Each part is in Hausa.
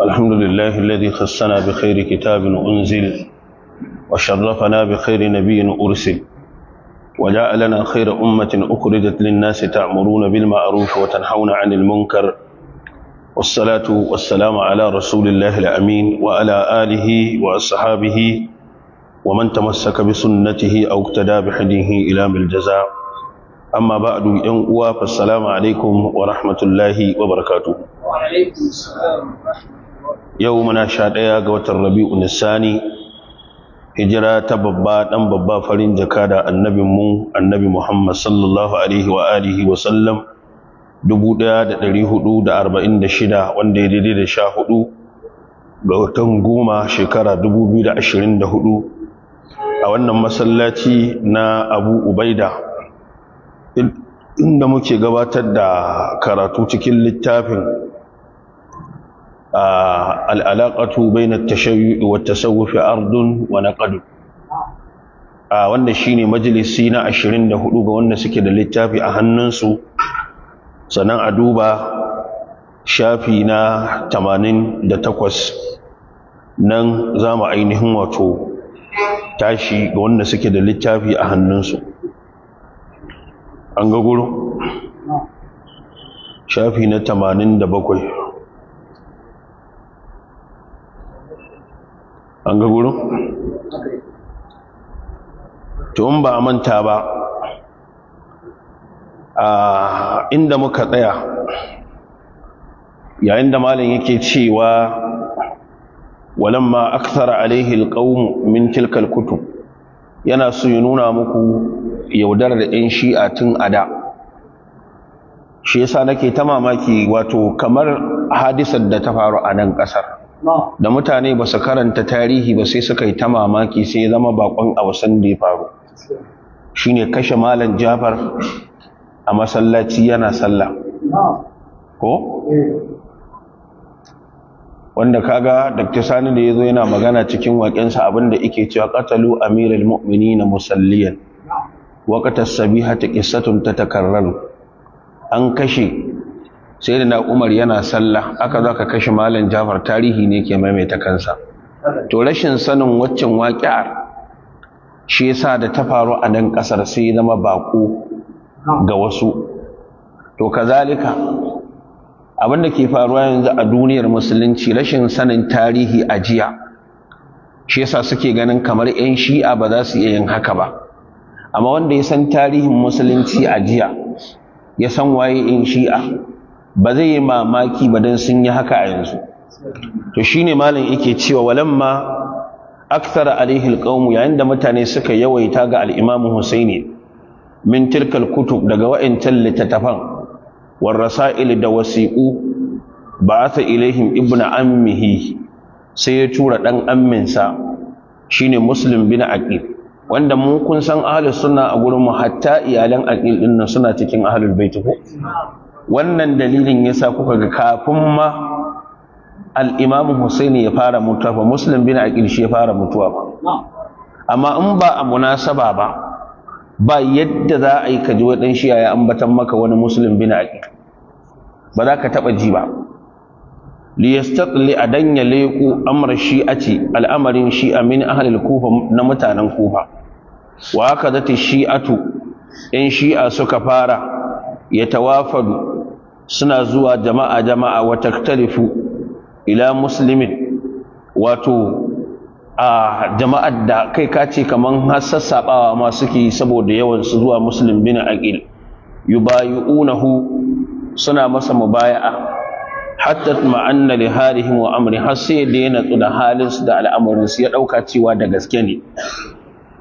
الحمد لله الذي خصنا بخير كتاب أنزل وشرفنا بخير نبي أرسل وجعلنا خير أمة أخرجت للناس تعمرون بالمعروف وتنحون عن المنكر والصلاة والسلام على رسول الله الأمين وعلى آله وأصحابه ومن تمسك بسنته أو اقتدى بحديه إلى بالجزاء أما بعد إن أوا فالسلام عليكم ورحمة الله وبركاته وعليكم السلام ورحمة الله يومنا شادية قوة الربيع الثاني hijira ta babba ɗan babba farin jaka da annabin mu annabi Muhammad sallallahu alaihi wa alihi wa sallam 1446 wanda ya daidai da 14 ga watan goma shekara 2024 a wannan masallaci na abu ubaida inda muke gabatar da karatu cikin littafin al'alaƙatu bai na tashayi wata sauwafi ardun wa ƙadu wanda shi ne majalisi na 24 ga wanda suke da littafi a hannunsu sannan a duba shafi na 88 nan za mu ainihin wato tashi ga wanda suke da littafi a hannunsu an ga guru shafi na 87 an ga guru in ba a manta ba a inda muka tsaya yayin da malam yake cewa walamma akthara عليه القوم من تلك الكتب yana so ya nuna muku yaudar da yan shi'a tun da shi yasa nake ta mamaki wato kamar hadisar da ta faru a nan kasar da mutane ba su karanta tarihi ba sai suka yi ta mamaki sai zama bakon a wasan da ya faru Shi ne kashe malam Jafar a masallaci yana sallah ko eh. wanda kaga Dr. Sani da yazo yana magana cikin waƙensa abinda yake cewa qatalu amiral mu'minina musalliyan waqata sabihati qissatun tatakarraru an kashe sayyidina Umar yana sallah aka zo ka kashe malam Jafar tarihi ne ke maimaita kansa to rashin sanin waccan waƙi'ar shi yasa da ta faru a nan ƙasar sai zama baƙo ga wasu to kazalika abin da ke faruwa yanzu a duniyar musulunci rashin sanin tarihi a jiya shi yasa suke ganin kamar 'yan shi'a ba za su iya yin haka ba amma wanda ya san tarihin musulunci a jiya ya san waye 'yan shi'a ba zai yi mamaki ba don sun yi haka a yanzu to shine malam yake cewa walamma akthara alaihi alqawm yayin da mutane suka yawaita ga al-imamu husaini min tilkal kutub daga waɗancan littattafan warrasa'il da wasiqu Ba'asa ilaihim ibnu ammihi sai ya tura dan aminsa, shine muslim bin wanda mu kun san ahlus sunna a gurin mu hatta iyalan aqil din nan suna cikin ahlul bait ko wannan dalilin yasa kuka ga kafin ma al-imam ya fara mutuwa muslim bin aqil shi ya fara mutuwa ba amma in ba a munasaba ba ba yadda za a yi ka ji waɗan shi ya ambatan maka wani musulun bin aƙiƙa ba za ka taɓa ji ba li a ya leku a ce, al'amarin shi'a min ahli kufa na mutanen kufa wa aka zata shi shi'atu in shi'a suka fara ya tawafadu suna zuwa jama'a jama'a wata taktalifu ila musulmin wato a jama'ar da kai ka ce kaman har sassaɓawa ma suke saboda yawan su zuwa muslim bin aqil unahu suna masa mubaya'a hatta anna li halihim wa amri har sai da yana tsuna halin su da al'amarin su ya dauka cewa da gaske ne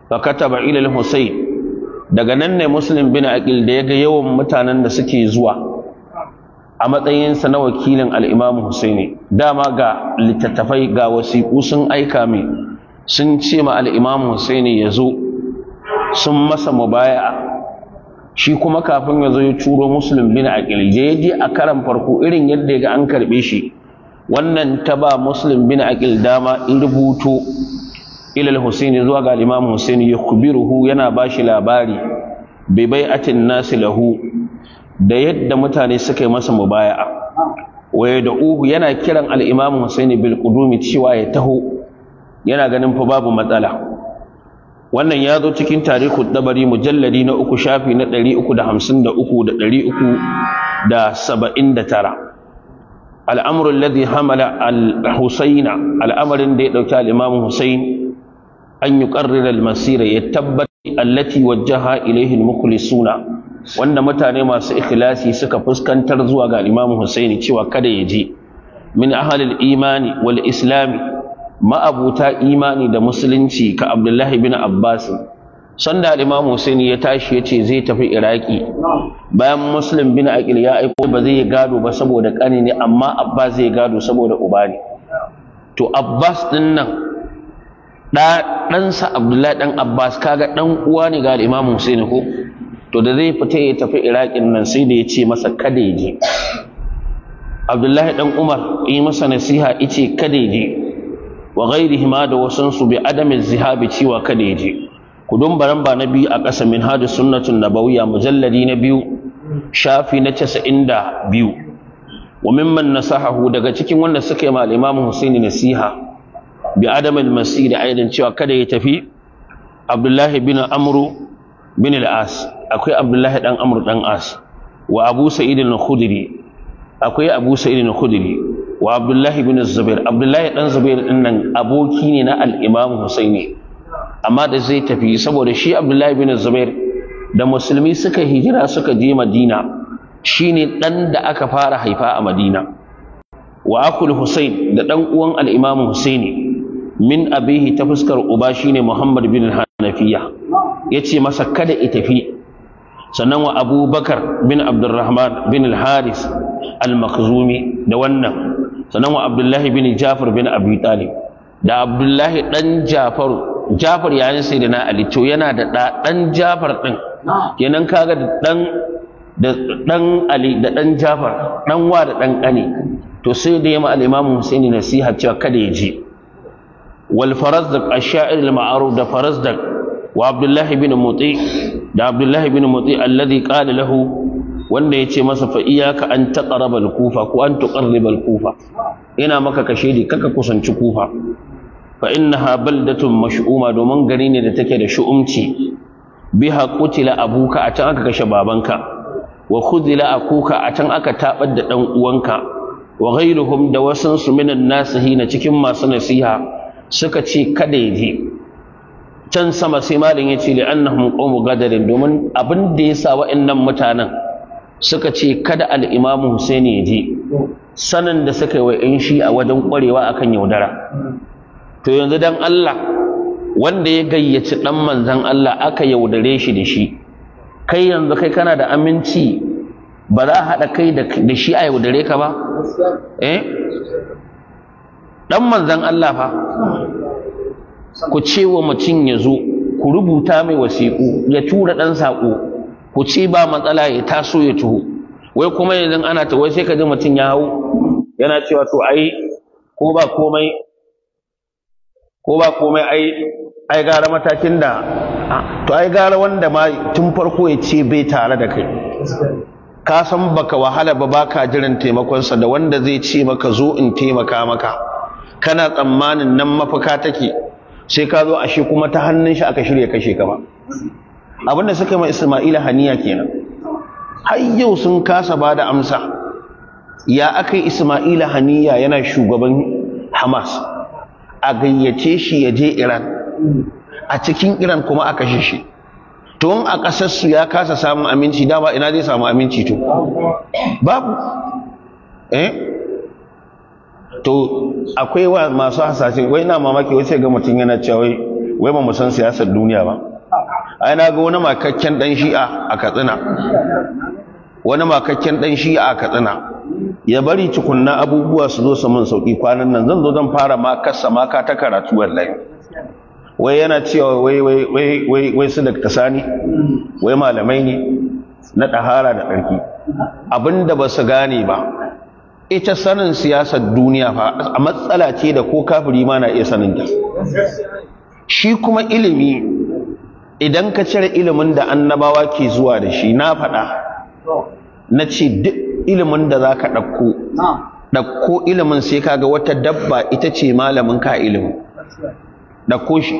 fa kataba ila al-husayn daga nan ne muslim bin aqil da ga yawan mutanen da suke zuwa a matsayinsa na wakilin al'imamu Husaini dama ga littattafai ga wasiƙu sun aika min. sun ce ma al'imamu Husaini ya zo sun masa mubaya shi kuma kafin ya zo ya turo musulun bin a ya je a karan farko irin yadda ya ga an karɓe shi wannan ta ba musulun bin dama in rubuto ilal Husaini zuwa ga al'imamu Husaini ya kubiruhu yana ba shi labari bai atin nasi lahu da yadda mutane suka yi masa mubaya'a waye da uhu yana kiran al-imam Husaini bil qudumi cewa ya taho yana ganin fa babu matsala wannan ya zo cikin tarihu dabari mujalladi na uku shafi na 353 da 379 al'amru alladhi hamala al-husaina al'amarin da ya dauki al-imam Husain an yuqarrira al-masira ya tabbata allati wajjaha ilayhi al-mukhlisuna wanda mutane masu ikhlasi suka fuskantar zuwa ga Imam Husaini cewa kada ya je min ahlil imani wal islami ma'abuta imani da musulunci ka Abdullahi bin Abbas sanda Imam Husaini ya tashi ya ce zai tafi Iraki bayan Muslim bin Aqil ya aiko ba zai gado ba saboda kani ne amma Abbas zai gado saboda uba ne to Abbas din nan ɗansa Abdullahi dan Abbas kaga ɗan uwa ne ga Imam Husaini ko to da zai fita ya tafi iraƙin nan sai da ya ce masa kada ya je abdullahi ɗan umar yi masa nasiha ya ice kada ya je wa gairi hima da wasansu bi adamin zihabi cewa kada ya je ku dumbaran ba na biyu a ƙasa min hadu sunnatun bauya mujalladi na biyu shafi na casa'in da biyu wa mimman nasahahu daga cikin wanda suka yi ma husaini nasiha bi adamin da aidan cewa kada ya tafi abdullahi bin amru bin al akwai abdullahi dan amr dan as wa abu sa'id al-khudri akwai abu sa'id al-khudri wa abdullahi bin zubair abdullahi dan zubair din nan aboki ne na al-imam husaini amma da zai tafi saboda shi abdullahi bin zubair da musulmi suka hijira suka je madina ne ɗan da aka fara haifa a madina wa akul husain da ɗan uwan al-imam husaini min abihi ta fuskar uba shine Muhammad bin Hanafiya yace masa kada i tafi sannan wa Abubakar bin Abdurrahman bin Al-Haris Al-Makhzumi da wannan sannan wa Abdullah bin Jafar bin Abi Talib da Abdullah dan Jafar Jafar yayin sayyidina Ali to yana da dan Jafar din kenan kaga dan da dan Ali da ɗan Jafar dan wa da dan Ali. to sai da yamma al-Imam Husaini nasiha cewa kada ya je wal farazdak ash-sha'ir da farazdak wa abdullahi bin muti da abdullahi bin muti alladhi qala lahu wanda ce masa fa iyaka an taqrab al-kufa ko an tuqarrib al-kufa ina maka kashedi kaka kusanci kufa fa innaha baldatun mash'uma domin gari ne da take da shu'umci biha qutila abuka a can aka kashe babanka wa khudila akuka a can aka tabar da dan uwanka wa ghairuhum da wasan su minan nasihi na cikin masu nasiha suka ce kada ya je can sama sai malin ya ce li'annahum qawmu gadarin domin abin da ya sa wa'annan mutanen suka ce kada al-imamu Husaini ya je sanin da suka yi wa yan shi a wajen kwarewa akan yaudara to yanzu dan Allah wanda ya gayyaci dan manzon Allah aka yaudare shi da shi kai yanzu kai kana da aminci ba za a haɗa kai da shi a yaudare ka ba eh dan manzan Allah fa ku ce wa mutum ya zo ku rubuta mai wasiƙu ya tura ɗan saƙo ku ce ba matsala ya taso ya tuho wai kuma yanzu ana ta wai sai ka ji mutum ya hau yana cewa to ai ko ba komai ko ba komai ai ai gara matakin da to ai gara wanda ma tun farko ya ce bai tare da kai ka san baka wahala ba baka jiran taimakonsa da wanda zai ce maka zo in taimaka maka kana tsammanin nan mafaka take sai ka zo ashe kuma ta hannun shi aka shirya kashe ka ba abinda suka yi ma Isma'ila haniya kenan har yau sun kasa ba da amsa ya aka yi Isma'ila haniya yana shugaban Hamas a gayyace shi ya je Iran a cikin Iran kuma aka shi shi tun a ƙasarsu ya kasa samun aminci dama ina zai samu aminci to babu eh to akwai wa masu hasashe wai na mamaki wai ga mutum yana cewa wai ba mu san siyasar duniya ba ai na ga wani makakken dan shi'a a katsina wani makakken dan shi'a a katsina ya bari tukunna abubuwa su zo su min sauki kwanan nan zan zo zan fara ma kassa ma ka ta karatu wallahi wai yana cewa wai wai wai wai wai su da wai malamai ne na dahara da tsarki abinda ba su gane ba ita sanin siyasar duniya fa a matsala ce da ko kafiri ma na iya sanin ta shi kuma ilimi idan ka cire ilimin da annabawa ke zuwa da shi na faɗa na ce duk ilimin da za ka ɗauko ɗauko ilimin sai ka ga wata dabba ita ce malamin ka ilimin ɗauko shi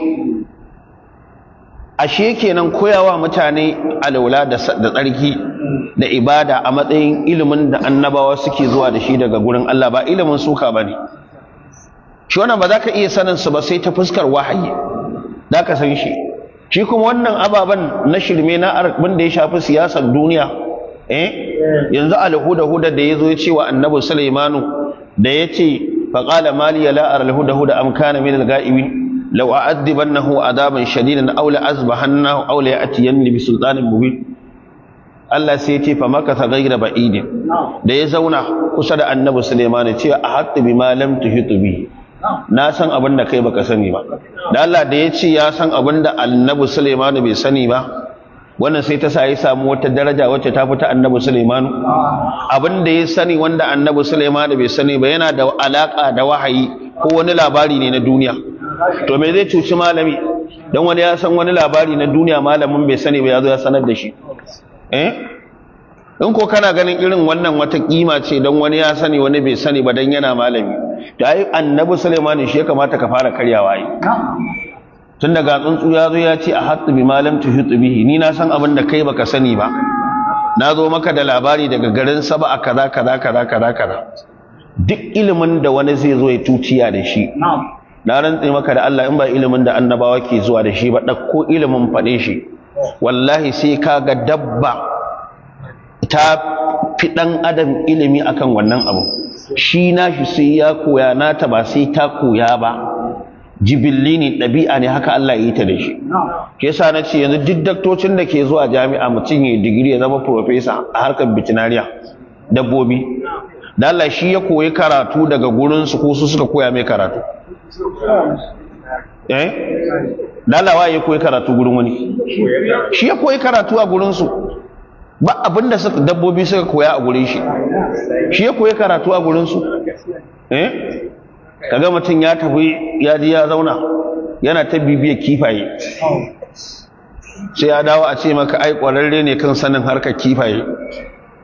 ashe kenan koyawa mutane alaula da tsarki da ibada a matsayin ilimin da annabawa suke zuwa da shi daga gurin Allah ba ilimin suka ba ne shi wannan ba za ka iya sanin su ba sai ta fuskar wahayi da ka san shi shi kuma wannan ababen na shirme na arabin da ya shafi siyasar duniya eh yanzu alhuda huda da yazo ya ce wa annabi sulaimanu da ya ce faqala mali la ara alhuda huda am kana min gaibin لو أعذبنه عذابا شديدا أو لأذبحنه أو ليأتيني بسلطان مبين Allah sai ya ce fa makatha gaira ba'idin da ya zauna kusa da Annabi Sulaiman ya ce ahatta bima lam tuhitu bi na san abin da kai baka sani ba da Allah da ya ce ya san abin da Annabi Sulaiman bai sani ba wannan sai ta sa ya samu wata daraja wacce ta fita Annabi Sulaiman abin da ya sani wanda Annabi Sulaiman bai sani ba yana da alaka da wahayi ko wani labari ne na duniya to me zai cuci malami dan wani ya san wani labari na duniya malamin bai sani ba ya zo ya sanar da shi eh in ko kana ganin irin wannan wata kima ce dan wani ya sani wani bai sani ba dan yana malami da ai annabi sulaiman shi ya kamata ka fara karyawa ai tun daga tsuntsu ya zo ya ce a hatsu bi malam tuhitsu bihi ni na san abin da kai baka sani ba na zo maka da labari daga garin saba a kaza kaza kaza kaza kaza duk ilimin da wani zai zo ya tuciya da shi na rantse maka da Allah in ba ilimin da annabawa ke zuwa da shi ba ɗauko ilimin faɗe shi wallahi sai ka ga dabba ta fi ɗan adam ilimi akan wannan abu shi na shi sai ya koya nata ba sai ta koya ba jibilli ne ɗabi'a ne haka Allah ya yi ta da shi ke sa na ce yanzu duk daktocin da ke zuwa jami'a mutum ya digiri ya zama profesa a harkar bitinariya dabbobi da Allah shi ya koyi karatu daga gurin su ko su suka koya mai karatu eh lalawa ya koyi karatu gurin wani shi ya koyi karatu a gurin su ba abinda suka dabbobi suka koya a gurin shi shi ya koyi karatu a gurin su eh kaga mutum ya tafi ya ji ya zauna yana ta bibiyar kifaye sai ya dawo a ce maka ai kwararre ne kan sanin harkar kifaye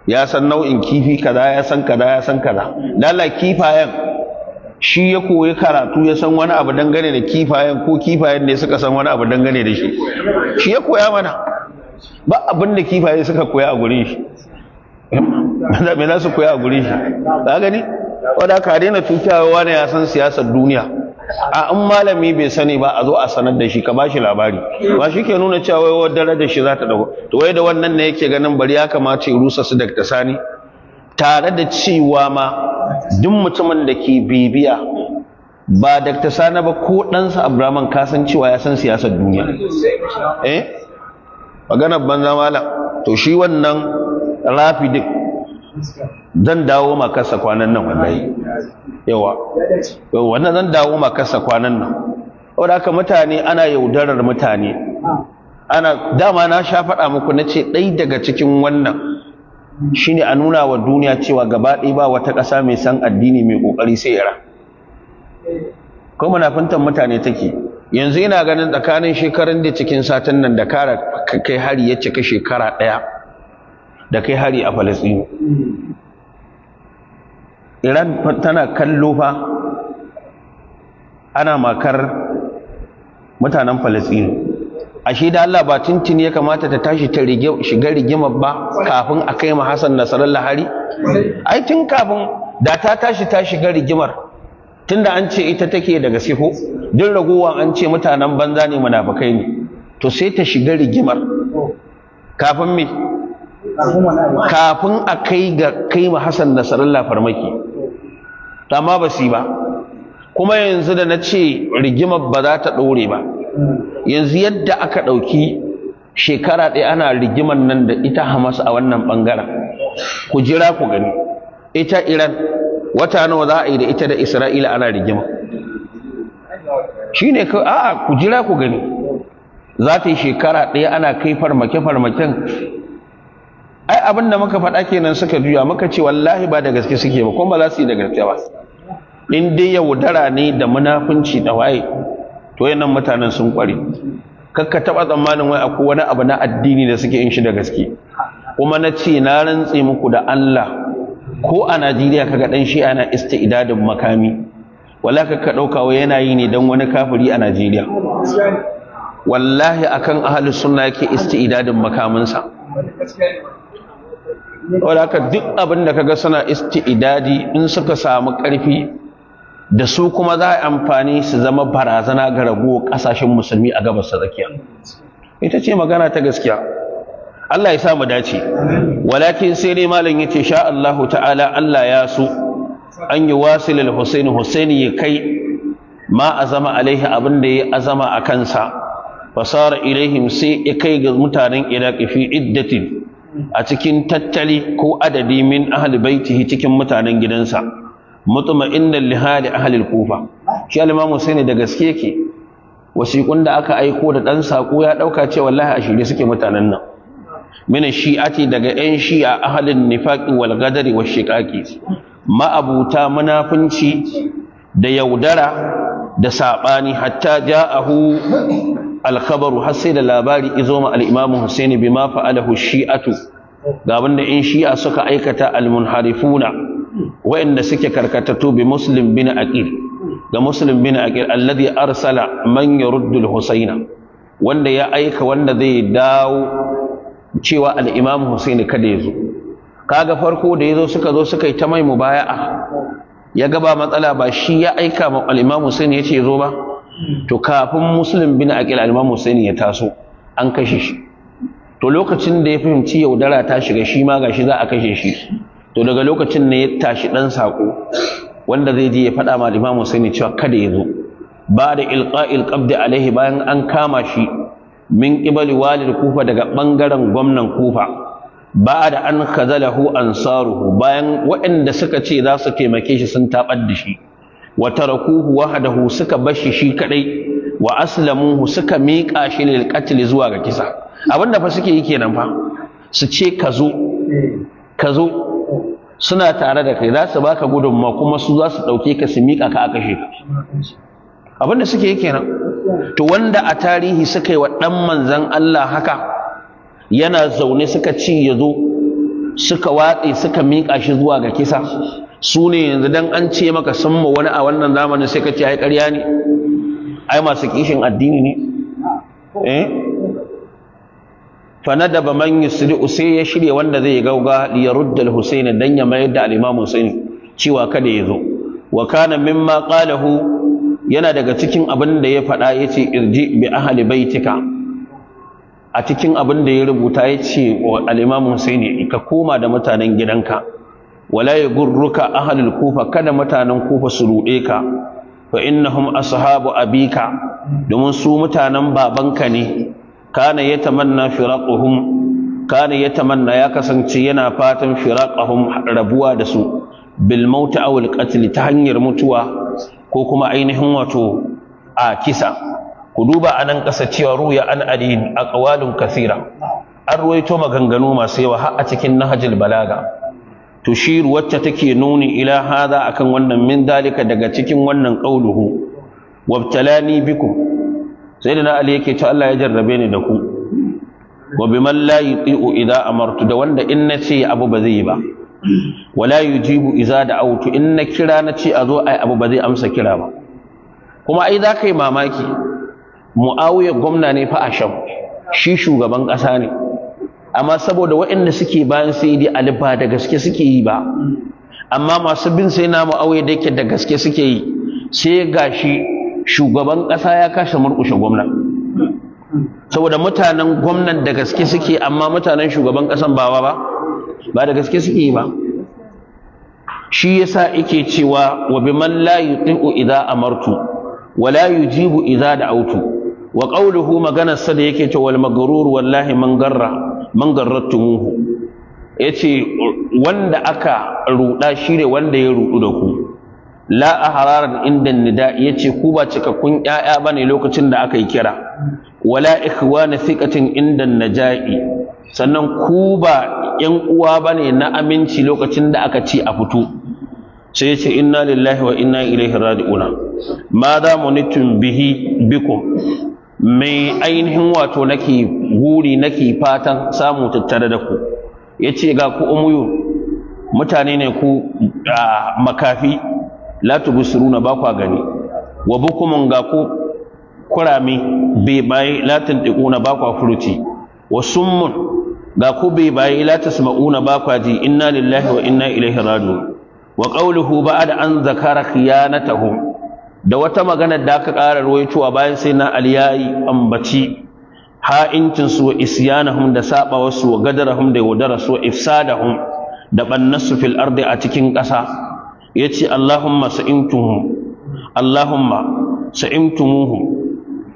ya san nau'in kifi kaza ya san kaza ya san kaza lalla kifayen shi ya koyi karatu ya san wani abu dangane da kifayen ko kifayen ne suka san wani abu dangane da shi shi ya koya mana ba abin da kifaye suka koya a gurin shi me za su koya a gurin shi ba gani wadda ka daina tutawa ne ya san siyasar duniya a in malami bai sani ba a zo a sanar da shi ka bashi labari ba shi ke nuna cewa wai darajar shi za ta dago to wai da wannan ne yake ganin bari ya kamata ya rusa su daga sani tare da cewa ma duk mutumin da ke bibiya ba Dr. Sani ba ko ɗansa Abraman kasan cewa ya san siyasar duniya eh maganar banza malam to shi wannan rafidin zan dawo ma kasa kwanan nan wallahi yawa wannan zan dawo ma kasa kwanan nan saboda haka mutane ana yaudarar mutane ana dama na sha faɗa muku na ce ɗai daga cikin wannan shine a nuna wa duniya cewa gaba ɗaya ba wata ƙasa mai san addini mai ƙoƙari sai ira ko munafuntan mutane take yanzu ina ganin tsakanin shekarun da cikin satin nan da kara kai hari ya cika shekara ɗaya da kai hari a falasɗinu iran tana kallo fa ana makar mutanen falasini ashe da Allah ba tintin ya kamata ta tashi ta shiga rigimar ba kafin a kai Hassan Nasarar Lahari? Ai tun kafin da ta tashi ta shiga rigimar tunda an ce ita take daga siho duk ragowa an ce mutanen banza ne munafukai ne to sai ta shiga rigimar kafin me kafin a kai ga kai ma Hassan Nasarallah farmaki amma ba su ba kuma yanzu da na ce rigimar ba za ta ɗore ba yanzu yadda aka ɗauki shekara ɗaya ana rigimar nan da ita Hamas a wannan ɓangaren ku jira ku gani ita Iran wata nawa za a yi da ita da Isra'ila ana rigima shi ne a'a ku jira ku gani za ta yi shekara ɗaya ana kai farmake-farmaken ai abin da muka faɗa kenan suka juya muka ce wallahi ba da gaske suke ba kuma ba za su yi da gaske ba in dai yaudara ne da munafunci da waye to yanan mutanen sun kware kakka taɓa tsammanin wai akwai wani abu na addini da suke in shi da gaske kuma na ce na rantse muku da Allah ko a Najeriya kaga dan shi ana istidadin makami wala kakka ɗauka wai yana yi ne dan wani kafiri a Najeriya wallahi akan ahlus sunna yake istidadin makaminsa wadda duk abin da kaga suna isti'idadi in suka samu ƙarfi da su kuma za a amfani su zama barazana ga rago ƙasashen musulmi a gabas ta tsakiya ita ce magana ta gaskiya Allah ya sa mu dace walakin sai dai malam yace sha allahu ta'ala Allah ya su. an yi wasil al-Husaini Husaini ya kai ma azama alaihi abin da ya azama a kansa fasara ilaihim sai ya kai ga mutanen Iraq fi iddatin a cikin tattali ko adadi min ahli baitihi cikin mutanen gidansa mutma'innal li hali ahli kufa shi al-imam Husaini da gaske yake wasiqun da aka aiko da dan sako ya dauka ce wallahi a shirye suke mutanen nan min shi'ati daga yan shi'a ahlin nifaqi wal ghadari wash shiqaqi ma'abuta munafunci da yaudara da sabani hatta ja'ahu alkhabaru har sai da labari izo ma al-imam Husaini bima fa'alahu shi'atu ga wanda in shi'a suka aikata almunharifuna, wainda suke karkatatu bi muslim bin aqil ga muslim bin aqil alladhi arsala man yurdu al-husaina wanda ya aika wanda zai dawo cewa al-imam Husaini kada yazo kaga farko da yazo suka zo suka yi ta mai mubaya'a ya gaba matsala ba shi ya aika ma al Husaini yace zo ba to kafin muslim bin aqil al-imam husaini ya taso an kashe shi to lokacin da ya fahimci yaudara ta shiga shi ma shi za a kashe shi to daga lokacin ne ya tashi ɗan sako wanda zai je ya faɗa ma imam husaini cewa kada ya zo ba da ilqa'il qabd alaihi bayan an kama shi min qibali walil kufa daga ɓangaren gwamnan kufa ba da an khazalahu ansaruhu bayan waɗanda suka ce za su taimake shi sun taɓar da shi wa tarakuhu wahdahu suka bashi shi kadai wa aslamuhu suka miƙa shi lil qatl zuwa ga kisa abinda fa suke yi kenan fa su ce ka zo ka zo suna tare da kai za su baka gudunma kuma su za su dauke ka su miƙa ka a kashe ka abinda suke yi kenan to wanda a tarihi suka yi wa dan manzon Allah haka yana zaune suka ci ya zo suka watse suka miƙa shi zuwa ga kisa su ne yanzu dan an ce maka san ma wani a wannan zamanin sai ka ce ai ƙarya ne ai masu kishin addini ne eh daba man yusri usai ya shirya wanda zai gauga li yarudda al-husayn dan ya mayar da al-imam husayn cewa kada ya zo wa kana mimma qalahu yana daga cikin abin da ya faɗa yace irji bi ahli baitika a cikin abin da ya rubuta yace al-imam husayn ka koma da mutanen gidanka wala yagurruka ahlul kufa kada mutanen kofa su ruɗe ka fa innahum ashabu bika domin su mutanen babanka ne kana yatamanna firaquhum ya kasance yana fatan firaqahum rabuwa da su bil maut aw al ta hanyar mutuwa ko kuma ainihin wato a kisa ku duba anan kasa cewa ruya an adin aqwalun kathira an ruwaito maganganu masu yawa har a cikin nahjul balaga Tushiru wacce take nuni ila hada akan wannan min dalika daga cikin wannan qauluhu wabtalani bikum sayyidina ali yake ta Allah ya jarrabe ni da ku wa biman la yuti'u idza amartu da wanda in nace abu ba zai yi ba wala yujibu idza da'awtu in na kira nace a zo ai abu ba zai amsa kira ba kuma ai za ka yi mamaki mu'awiya gwamna ne fa a sham shi shugaban ƙasa ne amma saboda waɗanda suke bayan sayyidi ali ba da gaske suke yi ba amma masu bin sai na mu'awiya da yake da gaske suke yi sai gashi shugaban ƙasa ya kashe murƙushe gwamna saboda mutanen gwamnan da gaske suke amma mutanen shugaban ƙasan bawa ba ba da gaske suke yi ba shi yasa yake cewa wa biman la yuti'u idza amartu wa la yujibu idza da'awtu wa qawluhu maganar sa da yake cewa wal magrur wallahi man garra man garrattumuhu yace wanda aka ruda shire wanda ya rudu da ku la ahraran inda nida yace ku ba cikakkun yaya bane lokacin da aka yi kira wala ikhwana thiqatin inda najai sannan ku ba yan uwa bane na aminci lokacin da aka ci a fito sai ya ce inna lillahi wa inna ilaihi raji'una ma za mu nitin bihi bikum mai ainihin wato nake guri nake fatan samu tattare da ku yace ga ku umuyu mutane ne ku makafi la tubsiruna ba kwa gani wa bukumun ga ku kurami bai bai la tantiquna ba kwa furuci wa summun ga ku bai bai la tasma'una ba kwa ji inna lillahi wa inna ilaihi raji'un wa qawluhu ba'da an zakara khiyanatahum da wata magana da aka ƙara ruwaitowa bayan sai na aliyayi ambaci ha'incinsu su wa isyanahum da saba wasu wa gadarahum da yaudara su wa ifsadahum da bannasu fil ardi a cikin ƙasa yace Allahumma sa'imtuhum Allahumma sa'imtumuhum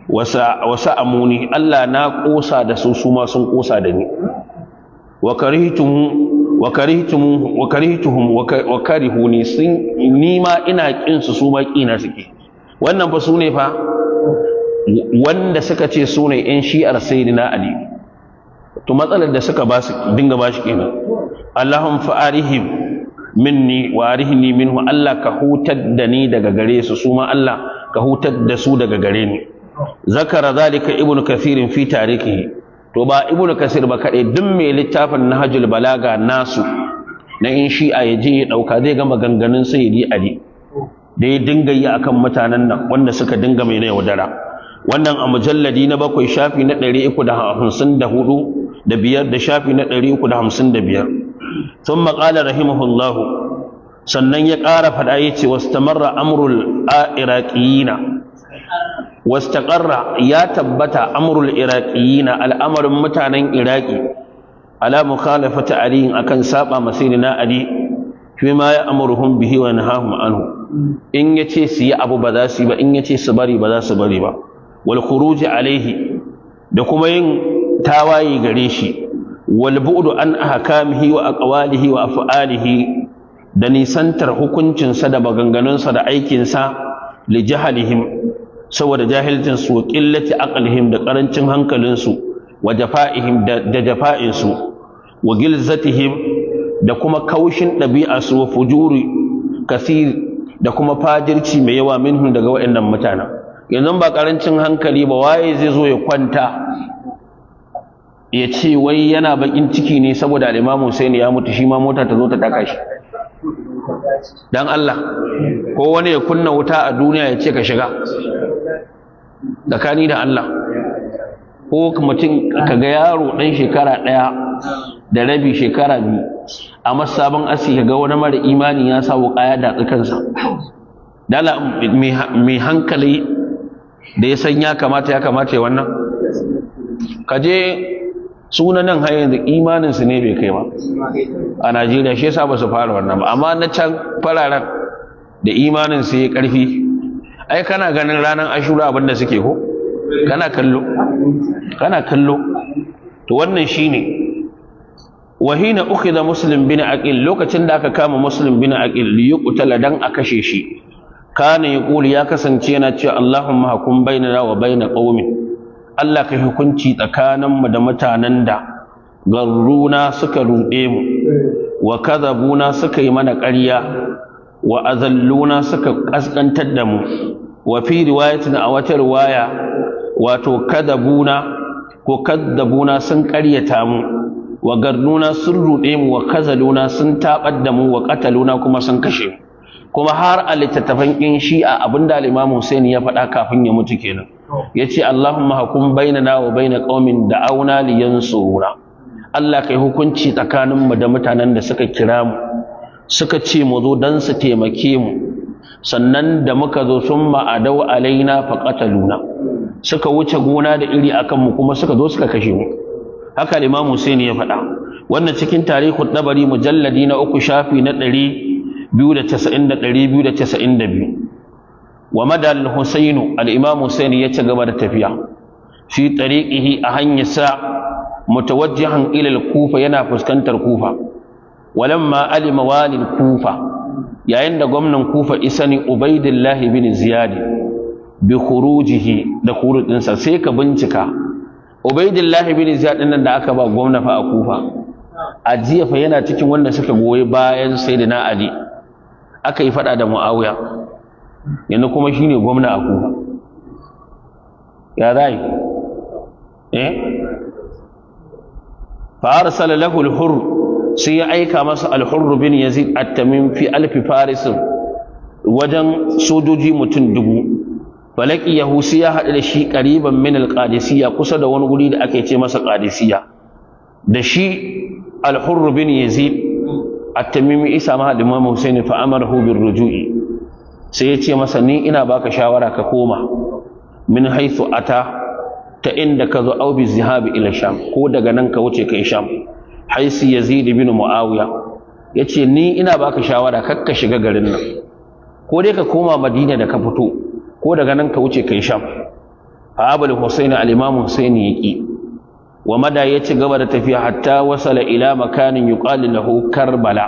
wasa amuni Allah na ƙosa da su su ma sun ƙosa da ni wa karihtumu wa karihtumu wa karihtuhum wa karihuni sun ni ma ina kin su su ma kina suke wannan fa su ne fa wanda suka ce su ne ‘yan shi'ar na Ali to matsalar da suka dinga ba shi kenan Allahun fa'arihim minni wa arihni minhu Allah ka hutar da ni daga gare su su ma Allah ka hutar da su daga gare ni zakara zalika ibnu kathirin fi tarihi to ba ibnu kasir ba kaɗai duk mai littafin nahjul balaga nasu na in shi'a ya je ya ɗauka zai gama ganganin sayyidi ali da ya dinga yi akan mutanen nan wanda suka dinga mai na yaudara wannan a mujalladi na bakwai shafi na ɗari uku da hamsin da hudu da biyar da shafi na ɗari uku da hamsin da biyar sun maƙala, rahimahullahu sannan ya ƙara faɗa ya ce wastamarra amrul iraqiyina wastaƙarra ya tabbata amrul iraƙiyina al'amarin mutanen iraki ala mukhalafati aliyin akan saba masirina ali fi ma ya amurhum bihi wa nahahum anhu in ya ce su yi abu ba za su yi ba in ya ce su bari ba za su bari ba wal khuruji alaihi da kuma yin tawaye gare shi wal bu'du an ahkamihi wa aqwalihi wa af'alihi da nisantar hukuncinsa da maganganunsa da aikinsa li jahalihim saboda jahilcin su wa qillati aqlihim da karancin hankalinsu wa jafa'ihim da jafa'insu wa gilzatihim da kuma kaushin su wa fujuri kasir da kuma fajirci mai yawa minhum daga waɗannan mutanen yanzu ba karancin hankali ba waye zai zo ya kwanta ya ce wai yana bakin ciki ne saboda al-Imam ya mutu shi ma mota ta zo ta daka shi dan Allah ko wani ya kunna wuta a duniya ya ce ka shiga tsakani da Allah ko mutum ga yaro dan shekara ɗaya. da rabi shekara biyu a sabon asi ga wani mara imani ya sa wukaya da kansa dala mai hankali da ya san ya kamata ya kamata ya wannan kaje sunanan hanyar da imaninsu ne bai kai ba a najeriya shi yasa ba su fara wannan ba amma na can fararen da imaninsu ya karfi ai kana ganin ranar ashura abinda suke ko kana kallo kana kallo to wannan shine wahina ukhidha muslim bin aqil lokacin da aka kama muslim bin aqil li yuqtala dan a kashe shi kana yaqul ya kasance yana cewa allahumma hukum bainana wa bain qaumin allah Kai hukunci tsakanin mu da mutanen da garruna suka rude mu wa kadhabuna suka yi mana karya. wa azalluna suka kaskantar da mu Wafi fi a wata riwaya wato kadabuna ko kadabuna sun ƙaryata mu wa garnuna sun ruɗe mu wa kazaluna sun taɓar da mu wa ƙataluna kuma sun kashe mu kuma har a littattafan ƙin shi'a abinda al'imamu Hussein ya faɗa kafin ya mutu kenan ya ce Allahumma baina na wa baina ƙaumin da auna liyan yansuruna Allah kai hukunci tsakanin mu da mutanen da suka kira mu suka ce mu zo don su taimake mu sannan da muka zo sun ma'adau alaina luna. suka wuce gona da iri akan mu kuma suka zo suka kashe mu haka Imam Hussein ya faɗa wannan cikin tarihul dabari mujalladi na uku shafi na 290 292 wa madal Husainu al-Imam Hussein ya ci gaba da tafiya fi tariqihi a sa mutawajjihan ila al-Kufa yana fuskantar Kufa walamma alima walil Kufa yayin da gwamnan Kufa isani Ubaidillah bin Ziyad bi khurujihi da khurudinsa sai ka bincika Ubaidillahi bin Ziyad nan da aka ba gwamna fa a Kufa a jiya fa yana cikin wanda suka goyi bayan Sayyidina Ali aka yi fada da Muawiya yanzu kuma shine gwamna a Kufa ya zai eh fa arsala lahu al-hurr sai ya aika masa al-hurr bin Yazid at-Tamim fi alf Faris wajen sojoji mutum dubu falaki yahusi ya haɗu da shi ƙariban min alƙadisiya kusa da wani guri da ake ce masa ƙadisiya da shi alhurru bin yazid at-tamimi isa ma da imam husain fa amarahu bir ruju'i sai ya ce masa ni ina baka shawara ka koma min haythu ata ta inda ka zo au bi zihabi ila sham ko daga nan ka wuce kai sham haisi yazid bin muawiya yace ni ina baka shawara kakka shiga garin nan ko dai ka koma madina da ka fito ko daga nan ka wuce kai sham fa abul husaini al-imam husaini yaki wa mada ya ci gaba da tafiya hatta wasala ila makanin yuqalu lahu karbala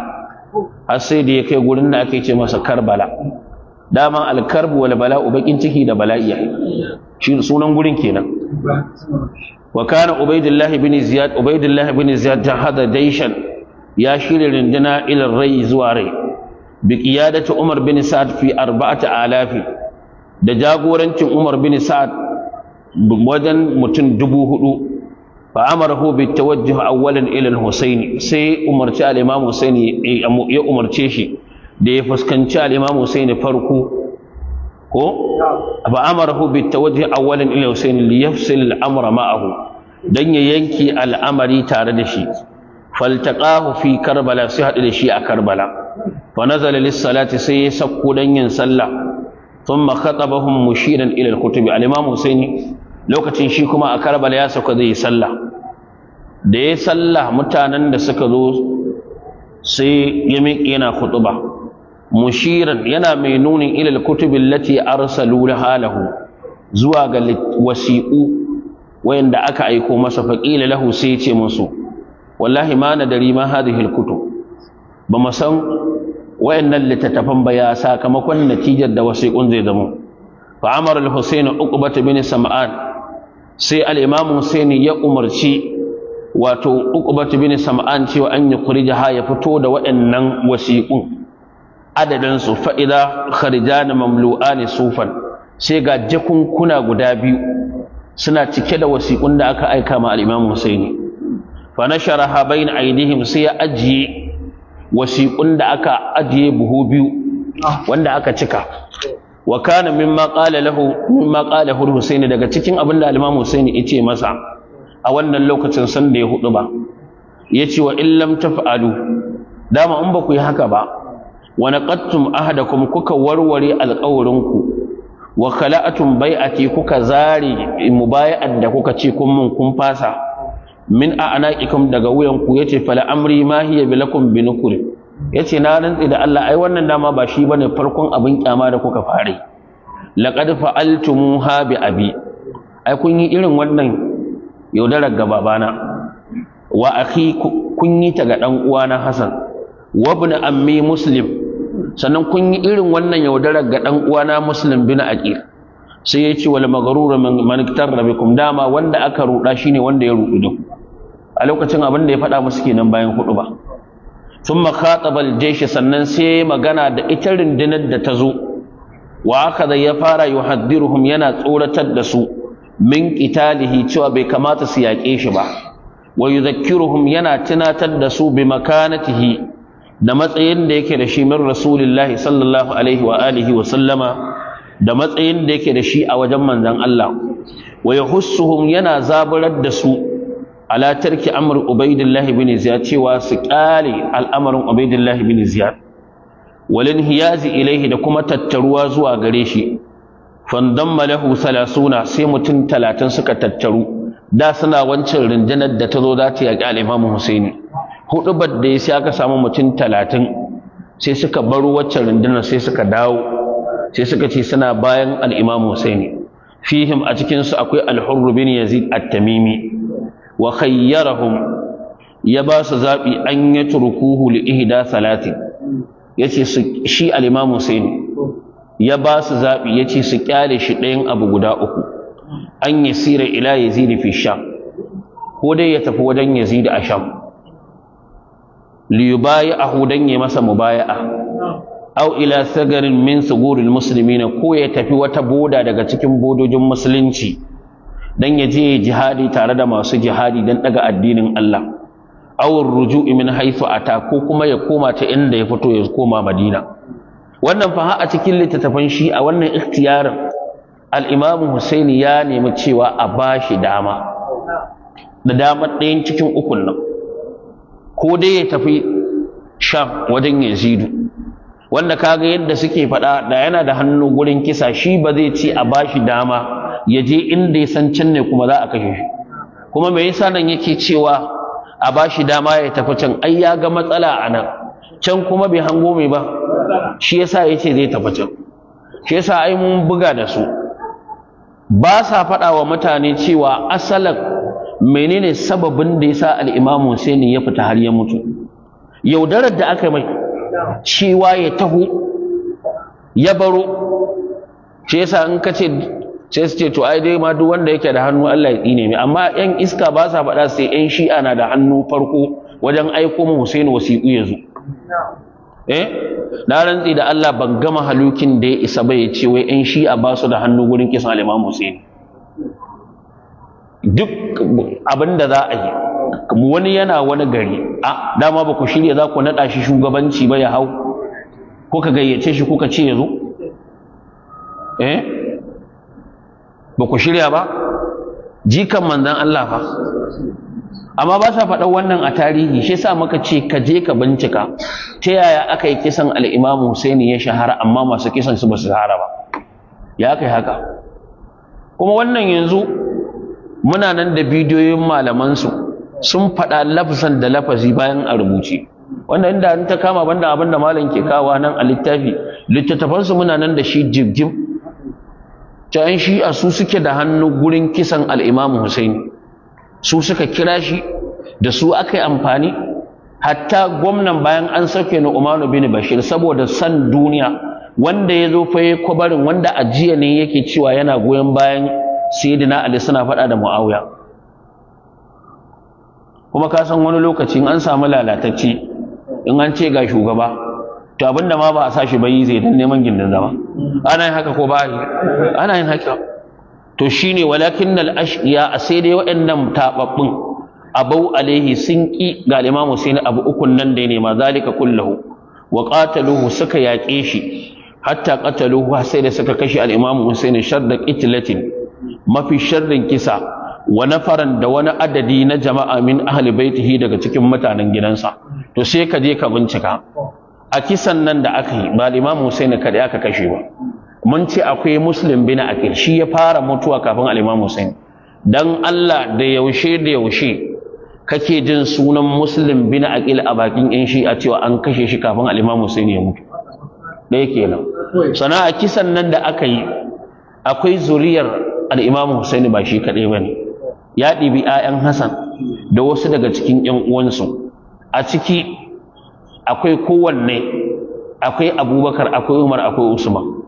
har sai da ya kai gurin da ake ce masa karbala dama al-karbu wal bala'u bakin ciki da bala'i shi sunan gurin kenan wa kana ubaidillah ibn ziyad ubaidillah ibn ziyad jahada daishan ya shirya rinduna ila rai zuwa rai bi qiyadati umar bin sa'd fi arba'ati alafi da jagorancin Umar bin Sa'ad wajen mutum dubu hudu fa amarahu bi tawajjuh awwalan ila al-Husaini sai umarci al-Imam Husaini ya umarce shi da ya fuskanci al-Imam Husaini farko ko fa amarahu bi tawajjuh awwalan ila Husaini li yafsil al-amra ma'ahu dan ya yanki al'amari tare da shi faltaqahu fi Karbala sai hadu da shi a Karbala fa nazala lis-salati sai ya sakko dan yin sallah thumma khatabahum mushiran ila al-kutubi al-imam husaini lokacin shi kuma a karbala ya saka zai yi sallah da ya sallah mutanen da suka zo sai ya miƙe yana khutuba mushiran yana mai nunin ila al-kutubi allati arsalu zuwa ga wasiqu wayanda aka aiko masa faƙila lahu sai ya ce musu wallahi ma nadari ma hadhihi al-kutub ba mu san wayannan littattafan ba ya sakamakon natijar da wasiƙun zai zama fa amara al-husayn uqbat bin sam'an sai al-imam husayn ya umarci wato uqbat bin sam'an cewa an yukhrija ha ya fito da waɗannan wasiƙun adadin su fa idza kharijan mamlu'an sufan sai ga jakunkuna guda biyu suna cike da wasiƙun da aka aika ma al-imam husayn fa nasharaha bayna aydihim sai ya ajiye wasiƙun da aka ajiye buhu biyu wanda aka cika wa kana mimma qala lahu mimma qala husaini daga cikin abin da al-imam husaini yace masa a wannan lokacin san da ya hudu ba yace wa illam taf'alu dama in ba ku yi haka ba wa naqattum ahadakum kuka warware alƙawurinku wa khala'atum bai'ati kuka zari mubaya'an da kuka ce kun mun kun fasa min a anaqikum daga wuyanku. ku ce fala amri ma hiya bilakum binukuri yace na rantsi da Allah ai wannan dama ba shi ba ne farkon abin kyama da kuka fare laqad fa'altumuha bi abi ai kun yi irin wannan yaudarar ga babana wa akhi kun yi ta ga dan uwana Hassan wa ibn ammi muslim sannan kun yi irin wannan yaudarar ga dan uwana muslim bin aqil sai ya ce wal magharura man iktarra dama wanda aka ruɗa shine wanda ya ruɗu duk. a lokacin abin da ya faɗa musu kenan bayan hudu ba Sun khataba al sannan sai magana da ita rindinar da ta zo wa haka ya fara yuhaddiruhum yana tsoratar da su min qitalihi cewa bai kamata su yaƙe shi ba wa ruhum? yana tunatar da su bi makanatihi da matsayin da yake da shi min rasulillahi sallallahu alaihi wa alihi wa sallama da matsayin da yake da shi a wajen manzon Allah wa yahussuhum yana zaburar da su ala tarki amr ubaidillah ibn ziyad cewa su kale al'amarin ubaidillah ibn ziyad walin hiyazi ilaihi da kuma tattaruwa zuwa gare shi fandamma lahu 30 sai mutum 30 suka tattaru da suna wancan rinjanar da ta zo za ta yaƙi al Husaini hudubar da ya sai aka samu mutum talatin, sai suka baro waccan rinjanar sai suka dawo sai suka ce suna bayan al-Imam ne. fihim a cikinsu akwai al bin Yazid at-Tamimi wa khayyarahum ya ba su zabi an yatrukuhu li ihda salatin ce su shi al-Imam ne. ya ba su ya yace su ƙyale shi ɗayan abu guda uku an yasira ila Yazid fi Sham ko dai ya tafi wajen Yazid a Sham liyubayi ahu dan ya masa mubaya'a au ila sagarin min sugurul muslimina ko ya tafi wata boda daga cikin bodojin musulunci dan ya je jihadi tare da masu jihadi dan daga addinin Allah aw ruju'i min haythu ata ko kuma ya koma ta inda ya fito ya koma Madina wannan fa a cikin littafin shi a wannan ikhtiyarin al-Imam Hussein ya nemi cewa a bashi dama da dama ɗayan cikin ukun nan ko dai ya tafi Sham wajen Yazidu wanda kaga yadda suke faɗa da yana da hannu gurin kisa shi ba zai ce a bashi dama ya inda ya san can ne kuma za a kashe shi kuma me yasa nan yake cewa a bashi dama ya tafi can ai ya ga matsala a nan can kuma bai hango mai ba shi yasa yace zai tafi can shi yasa ai mun buga da su ba sa faɗa wa mutane cewa asalan menene sababin da yasa al-Imam Husaini ya fita har ya mutu yaudarar da aka mai Ciwa ya tahu, ya baro ce yasa in ka ce sai su ce to ai dai ma duk wanda yake da hannu Allah ya tsine mai amma yan iska ba sa faɗa sai yan shi'a na da hannu farko wajen aiko mu Hussein wasiƙu ya zo eh na rantsi da Allah ban gama halukin da ya isa ba ya ce wai yan shi'a ba su da hannu gurin kisan al-Imam Hussein duk abinda za a yi wani yana wani gari a dama ba ku shirya za ku naɗa shi shugabanci ba ya hau ko ka gayyace shi kuka ce ya zo eh ba ku shirya ba jikan manzan Allah fa amma ba sa faɗa wannan a tarihi shi sa maka ce ka je ka bincika ta yaya aka yi kisan al'imamu Husaini ya shahara amma masu kisan su ba su shahara ba ya kai haka kuma wannan yanzu muna nan da bidiyoyin malamansu sun faɗa lafzan da lafazi bayan a rubuce wanda inda an ta kama banda abin da malam ke kawa nan a littafi littattafansu muna nan da shi jibjib can shi a su suke da hannu gurin kisan al'imamu husaini su suka kira shi da su aka yi amfani hatta gwamnan bayan an sauke na umaru bin bashir saboda san duniya wanda ya zo fa kwabarin wanda ajiya ne yake cewa yana goyon bayan sayyidina ali suna faɗa da muawiya kuma ka san wani lokacin an samu lalatacce in an ce ga shugaba to abinda ma ba a sa shi bai zai dan neman gindin zama ana yin haka ko ba ana yin haka to shine walakin al ashqiya sai dai waɗannan tababbun abau alaihi sun ki ga imam Hussein abu ukun nan da ne ma zalika kullahu wa qataluhu suka yaƙe shi hatta qataluhu sai da suka kashe al imam Hussein sharda qitlatin mafi sharrin kisa Wani faran da wani adadi na jama'a min ahli baitihi daga cikin mutanen gidansa to sai ka je ka bincika a kisan nan da aka yi ba Imam Hussein kada aka kashe ba mun ce akwai Muslim bin akil, shi ya fara mutuwa kafin al-Imam Hussein dan Allah da yaushe da yaushe kake jin sunan Muslim bin akil a bakin yan shi a cewa an kashe shi kafin al-Imam Hussein ya mutu ɗaya kenan sana'a kisan nan da aka yi akwai zuriyar al-Imam Hussein ba shi kaɗai bane ya ɗibi 'ya'yan Hassan da wasu daga cikin 'yan uwansu a ciki akwai kowanne akwai abubakar akwai umar akwai usman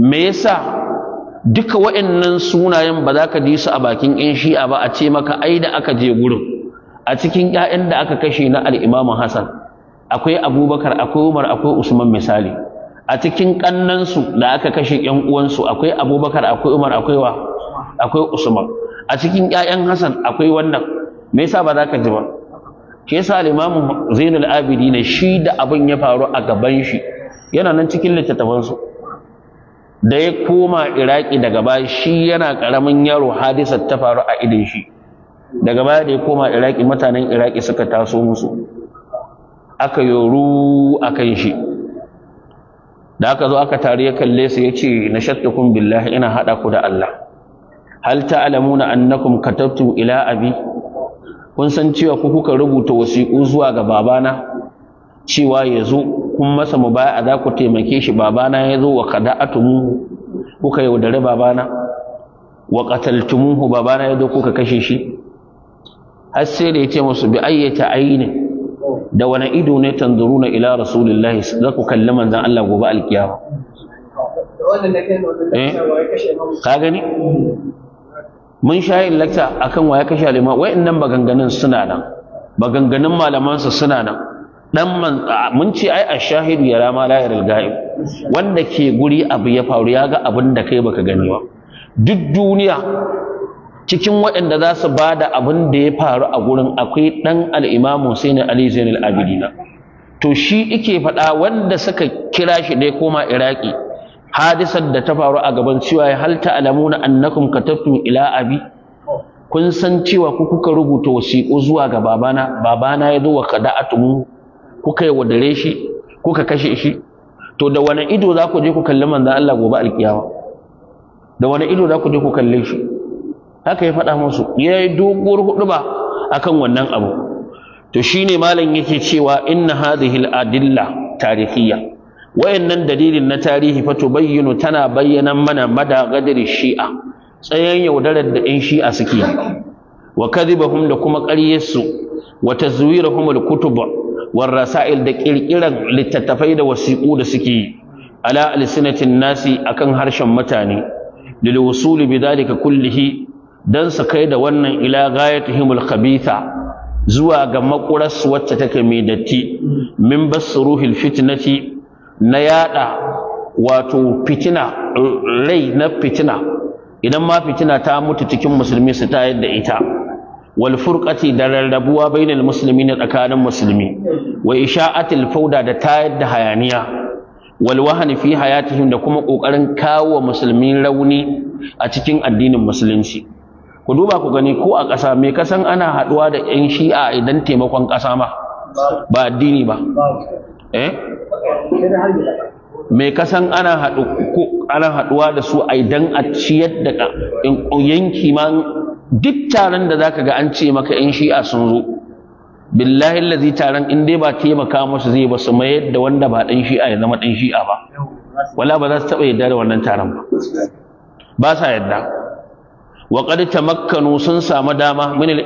me yasa duka waɗannan sunayen ba za ka ji su a bakin 'yan shi'a ba a ce maka ai da aka je gurin a cikin 'ya'yan da aka kashe na al'imamin Hassan akwai abubakar akwai umar akwai usman misali a cikin ƙannansu da aka kashe 'yan uwansu akwai abubakar akwai umar akwai wa akwai usman a cikin ƴaƴan Hassan akwai wannan me yasa ba za ka ji ba shi yasa al-Imam Zainul Abidin shi da abin ya faru a gaban shi yana nan cikin littattafan su da ya koma Iraki daga ba shi yana karamin yaro hadisar ta faru a idin shi daga baya da ya koma Iraki mutanen Iraki suka taso musu aka yoru akan shi da aka zo aka tare ya kalle su ya ce na billahi ina haɗa ku da Allah hal ta'lamuna annakum katabtu ila abi kun san cewa ku kuka rubuta wasiku zuwa ga babana cewa yazo kun masa mubaya za ku taimake shi babana ya zo wa kada'atumu kuka yaudare babana wa qataltumuhu babana ya zo kuka kashe shi har sai da ya ce musu bi ayyata ainin da wani ido ne tanzuruna ila rasulillahi za ku kalli manzon Allah gobe alkiyama eh? ka gani mm. mun sha yin lakta akan waya kashe alima nan maganganun suna nan maganganun malamansa suna nan dan man mun ce ai ashahidu ya rama lahir al ghaib wanda ke guri abu ya faru ya ga abin da kai baka gani ba duk duniya cikin waɗanda za su bada da abin da ya faru a gurin akwai dan al-imam ali zainal abidina to shi ike faɗa wanda suka kira shi dai koma iraki hadisar da ta faru a gaban cewa ya hal alamuna annakum katabtum ila abi kun san cewa ku kuka rubuta wasiƙu zuwa ga babana babana ya zo wa kada'atumu kuka yi wadare shi kuka kashe shi to da wani ido za ku je ku kalli manzon Allah gobe alkiyawa da wani ido za ku je ku kalle shi haka ya faɗa musu ya yi doguwar huduba akan wannan abu to shine malam yake cewa inna hadhihi al-adilla tarihiyya wayannan dalilin na tarihi fa tubayyinu tana bayyana mana madagadar shi'a tsayen yaudarar da ɗan shi'a suke wa kadhibahum da kuma ƙaryarsu wa tazwirahum al-kutub war rasail da kirkiran littattafai da wasiqu da suke ala alsinatin nasi akan harshen mutane lil wusul bidalika kullihi dan su kai da wannan ila ghayatihim al-khabitha zuwa ga makurarsu wacce take mai datti min basu ruhil fitnati na yada wato fitina rai na fitina idan ma fitina ta mutu cikin musulmi su ta yadda ita wal furqati da rarrabuwa bainal na tsakanin musulmi wa isha'atil fawda da tayar da hayaniya wal wahani fi hayatihim da kuma kokarin kawo musulmi rauni a cikin addinin musulunci ku duba ku gani ko a ƙasa me kasan ana haɗuwa da 'yan shi'a idan taimakon ƙasa ma ba addini ba eh mai kasan ana haɗu ko ana haɗuwa da su a idan a ciyar da yanki ma duk taron da zaka ga an ce maka yan shi'a sun zo billahi allazi taron in dai ba taimaka musu zai ba su mayar da wanda ba dan shi'a ya zama dan shi'a ba wala ba za su taɓa yadda da wannan taron ba ba sa yadda wa qad tamakkanu sun samu dama min al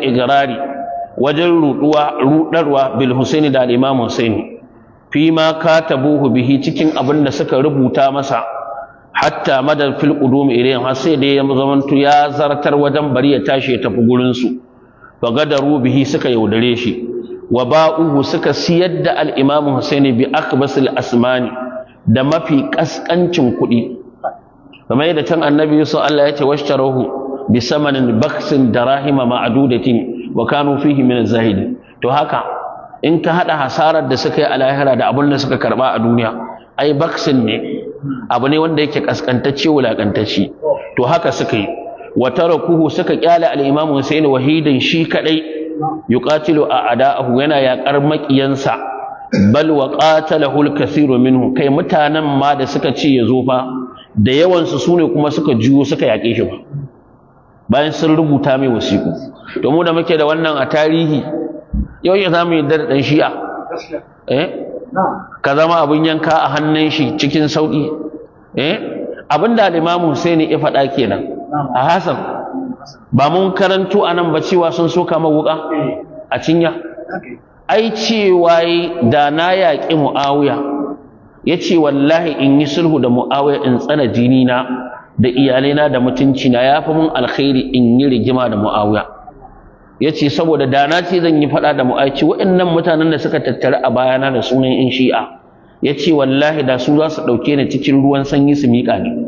wajen rudarwa ruɗarwa bil da al-imam husaini fi ma tabuhu bihi cikin abin da suka rubuta masa hatta madal fil qudum ilayhi har sai dai ya zamanto ya zartar wajen bari ya tashi ya tafi gurin su gadaru bihi suka yaudare shi wa ba'uhu suka siyar da al-imam Husain bi akbasil asmani da mafi kaskancin kuɗi kamar yadda can annabi Yusuf Allah ya ce washtarahu bi samanin baksin darahima ma'adudatin wa kanu fihi min az to haka in ka haɗa hasarar da suka yi a lahira da abin da suka karɓa a duniya ai baksin ne abu ne wanda yake kaskantacce wulakantacce to haka suka yi wa tarakuhu suka kyale al-imamu Husaini wahidin shi kadai yuqatilu a'da'ahu yana yakar makiyansa bal wa qatalahu al kaseeru minhu kai mutanen ma da suka ce yazo fa da yawan su sune kuma suka juyo suka yake shi ba bayan sun rubuta mai wasiku to mu da muke da wannan a tarihi Yau za mu yi da ɗan shi'a eh? ka zama abin yanka a hannun shi cikin sauƙi eh? abin da sai husaini ya faɗa kenan a hasan ba mun karanto a nan ba cewa sun soka mawuƙa eh. a cinya ai cewa da na yaƙi mu'awiya ya ce wallahi in yi sulhu da mu'awiya in tsana jini na da iyalaina da mutuncina ya fi mun alkhairi in yi rigima da mu'awiya yace saboda da na ce zan yi faɗa da mu'aici waɗannan mutanen da suka tattara a bayana da sunan in shi'a yace wallahi da su za su ɗauke ni cikin ruwan sanyi su miƙa ni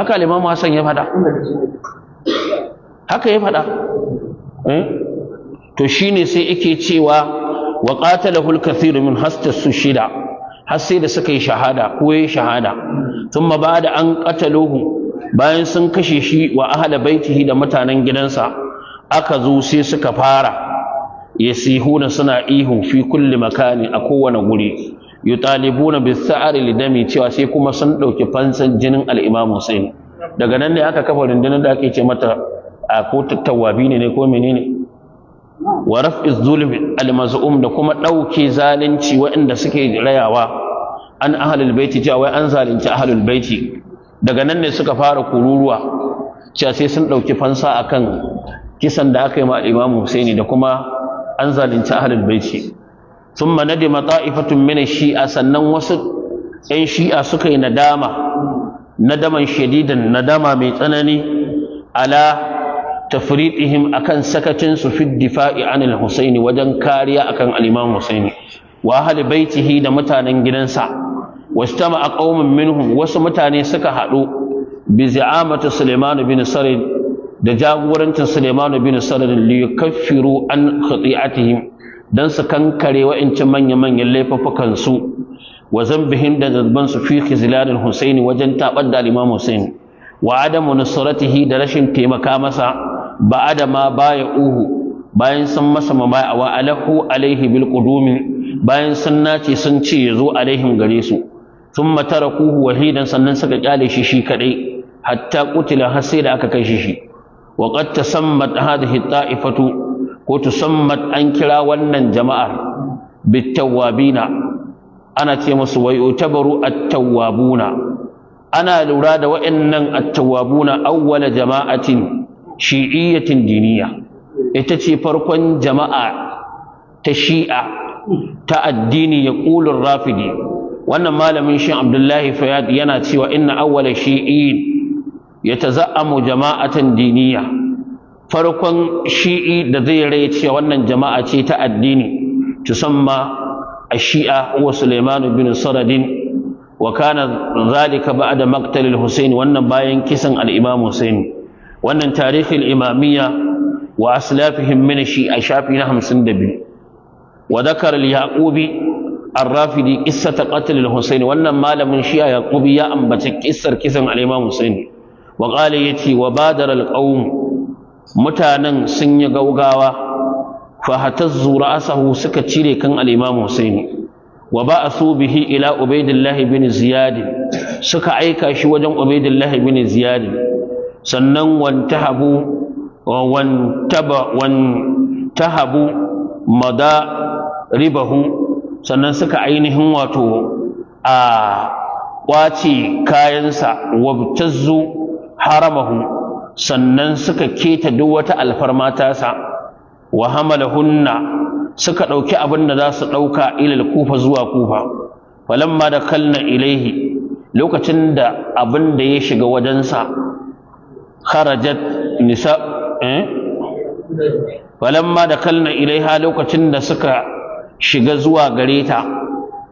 haka limamu hassan ya faɗa haka ya faɗa eh? to shine sai yake cewa wa qatalahu al-kathir min hasta su shida har sai da suka yi shahada ko yi shahada ba da an qataluhu bayan sun kashe shi wa ahla baitihi da mutanen gidansa aka zo sai suka fara yasihuna suna ihu fi kulli makani a kowane guri talibuna bi saari lidami cewa sai kuma sun dauki fansan jinin al-Imam Hussein daga nan ne aka kafa rundunar da ake ce mata a ko tattawabi ne ne ko menene wa raf'i zulmi al-maz'um da kuma dauke zalunci waɗanda suke rayawa an ahlul baiti cewa wai an zalunci ahlul baiti daga nan ne suka fara kururuwa cewa sai sun dauki fansa akan kisan da aka yi ma imamu husaini da kuma an zalunci ahlul baiti thumma nadima ta'ifatun min shi'a sannan wasu 'yan shi'a suka yi nadama nadaman shadidan nadama mai tsanani ala tafridihim akan sakacin su fi difa'i anil husaini wajen kariya akan al-imam husaini wa ahli baitihi da mutanen gidansa a qaumun Minhu wasu mutane suka haɗu bi zi'amati sulaiman bin da jagorancin Suleiman bin Sarar li kaffiru an khati'atihim dan su kankare wa'incin manya-manyan laifukan su wa zambihim da zalban su fi wajen tabar da Imam Husaini wa adamu nusratihi da rashin taimaka masa ba adama baya uhu bayan sun masa mamaya wa alahu alaihi bil qudumi bayan sun nace sun ce yazo alaihim gare su thumma tarakuhu wahidan sannan suka kyale shi shi kadai hatta kutila har sai da aka kai shi shi wa qad tasammat hadhihi ta'ifatu ko tusammat an kira wannan jama'ar bitawabina ana ce masu wai utabaru ana lura da wa'annan at-tawwabuna awwala jama'atin shi'iyyatin diniya ita ce farkon jama'a ta shi'a ta addini da ƙulun rafidi wannan malamin shi abdullahi fayyad yana cewa inna awwala shi'in ya mu jama'atan diniya farkon shi'i da zai rai ce wannan jama'a ce ta addini tusamma ashi'a wa suleiman bin saradin wa kana zalika ba'da da al-husayn wannan bayan kisan al-imam wannan tarihin al-imamiyya wa aslafihim min shi'a shafi na 52 wa dhakara al-yaqubi ar-rafidi qissata qatl al wannan malamin shi'a yaqubi ya ambaci qissar kisan al-imam wa qala yace wa badara alqawm mutanen sun yi gaugawa fa hatazzu asahu suka cire kan al-imam Husaini wa ba'asu bihi ila Ubaidillah bin Ziyad suka aika shi wajen Ubaidillah bin Ziyad sannan wantahabu mada ribahu sannan suka ainihin wato a kwace kayansa wabtazzu haramahu sannan suka keta duk wata alfarma tasa wa hamalahunna suka ɗauki abin da za su ɗauka ilal kufa zuwa kufa falamma da kalna ilaihi lokacin da abin da ya shiga wajensa kharajat nisa eh falamma da kalna ilaiha lokacin da suka shiga zuwa gare ta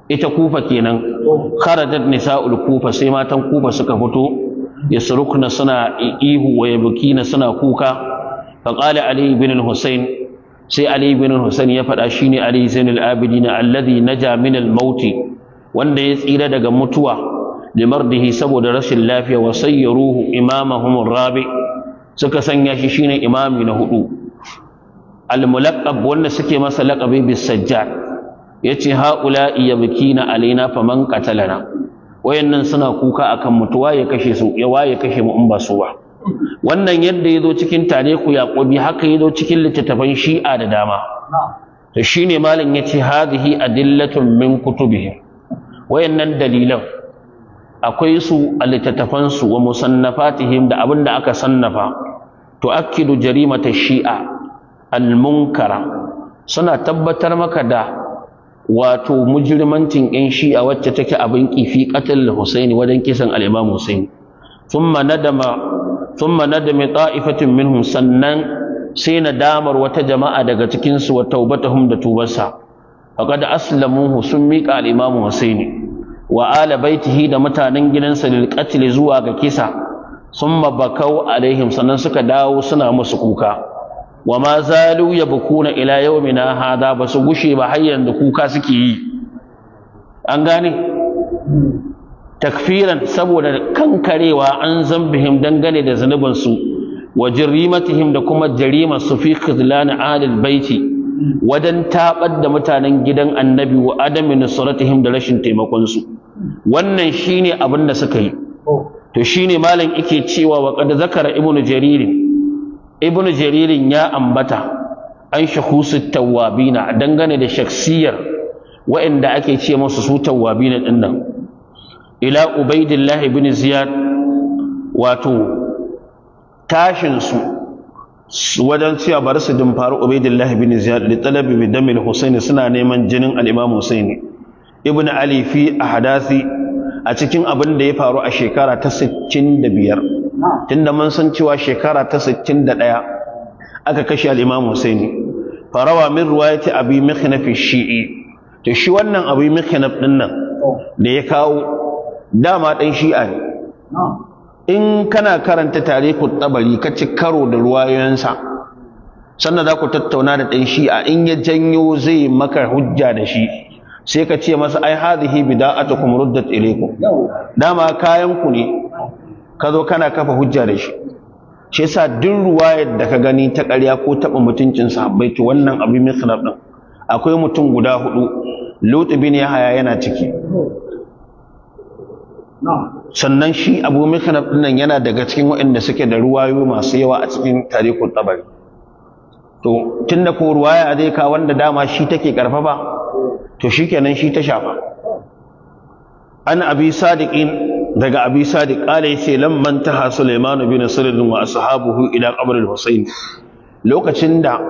ita kufa kenan kharajat nisa'ul kufa sai matan kufa suka fito Ya surukna suna ihu wa yabkina suna kuka fa qala ali ibn al-husayn sai ali ibn al-husayn ya faɗa shine ali zainul abidin alladhi naja min al-maut wanda ya tsira daga mutuwa limardihi saboda rashin lafiya wa sayyaruhu imamahum rabi suka sanya shi shine imami na hudu al wanda suke masa laqabi bis sajjad yace haula yabkina alaina faman qatalana wayannan suna kuka akan mutuwa ya kashe su ya waye kashe mu in ba su ba wannan yadda ya zo cikin tariku yaqubi haka ya zo cikin littattafan shi'a da dama to shine malam yace hadhihi adillatun min kutubihim wayannan dalilan akwai su a littattafan su wa musannafatihim da abin da aka sannafa tuakkidu jarimata shi'a almunkara suna tabbatar maka da wato mujrimancin yan shi'a wacce take abin kifi qatl Husaini wajen kisan al'imam Husaini thumma nadama thumma nadama ta'ifatin minhum sannan sai na damar wata jama'a daga cikin su wa taubatahum da tubarsa faqad aslamuhu sun miƙa al'imam Husaini wa ala baitihi da mutanen gidansa lil qatl zuwa ga kisa summa bakau alaihim sannan suka dawo suna musu kuka wa ma zalu yabkuna ila yawmina hada basu gushe ba har yanzu kuka suke yi an gane takfiran saboda kankarewa an zambihim dangane da zanubin su wa jarimatihim da kuma jarimar su fi khidlan alil baiti wadan tabar da mutanen gidan annabi wa adami nusratihim da rashin taimakon su wannan shine abin da suka yi oh. to shine malam yake cewa wa qad zakara ibnu jaririn. ibn jaririn ya ambata an shakusu tawabina dangane da shaksiyar wa'inda ake ce masu su tawabina din nan ila ubaidillah ibn ziyad wato tashin su wajen cewa bari su faru ubaidillah ibn ziyad li talabi bi damil husaini suna neman jinin al-imam husaini ibn ali fi ahdathi a cikin abin da ya faru a shekara ta 65 tunda mun san cewa shekara ta 61 aka kashe al-Imam Husaini farawa min riwayati Abi Mikhnaf shi'i to shi wannan Abi Mikhnaf din nan oh. da ya kawo dama dan shi'a ne in kana karanta tarihul tabari ka ci karo da ruwayoyinsa sannan za ku tattauna da dan shi'a in ya janyo zai maka hujja da shi sai ka ce masa ai hadhihi bida'atukum ruddat ilaykum dama kayan ku ne ka zo kana kafa hujja da shi shi yasa duk ruwayar da ka gani ta ƙarya ko taɓa mutuncin sahabbai to wannan abin misnad din akwai mutum guda hudu Lutu bin Yahaya yana ciki sannan shi Abu Mikhnaf din nan yana daga cikin waɗanda suke da ruwayo masu yawa a cikin tarihin tabari to tunda ko ruwaya zai ka wanda dama shi take karfafa to shikenan shi ta shafa an abi sadiqin daga abi sadi, kale yace lamman taha sulaiman bin sirrin wa ashabuhu ila qabr al-husayn lokacin da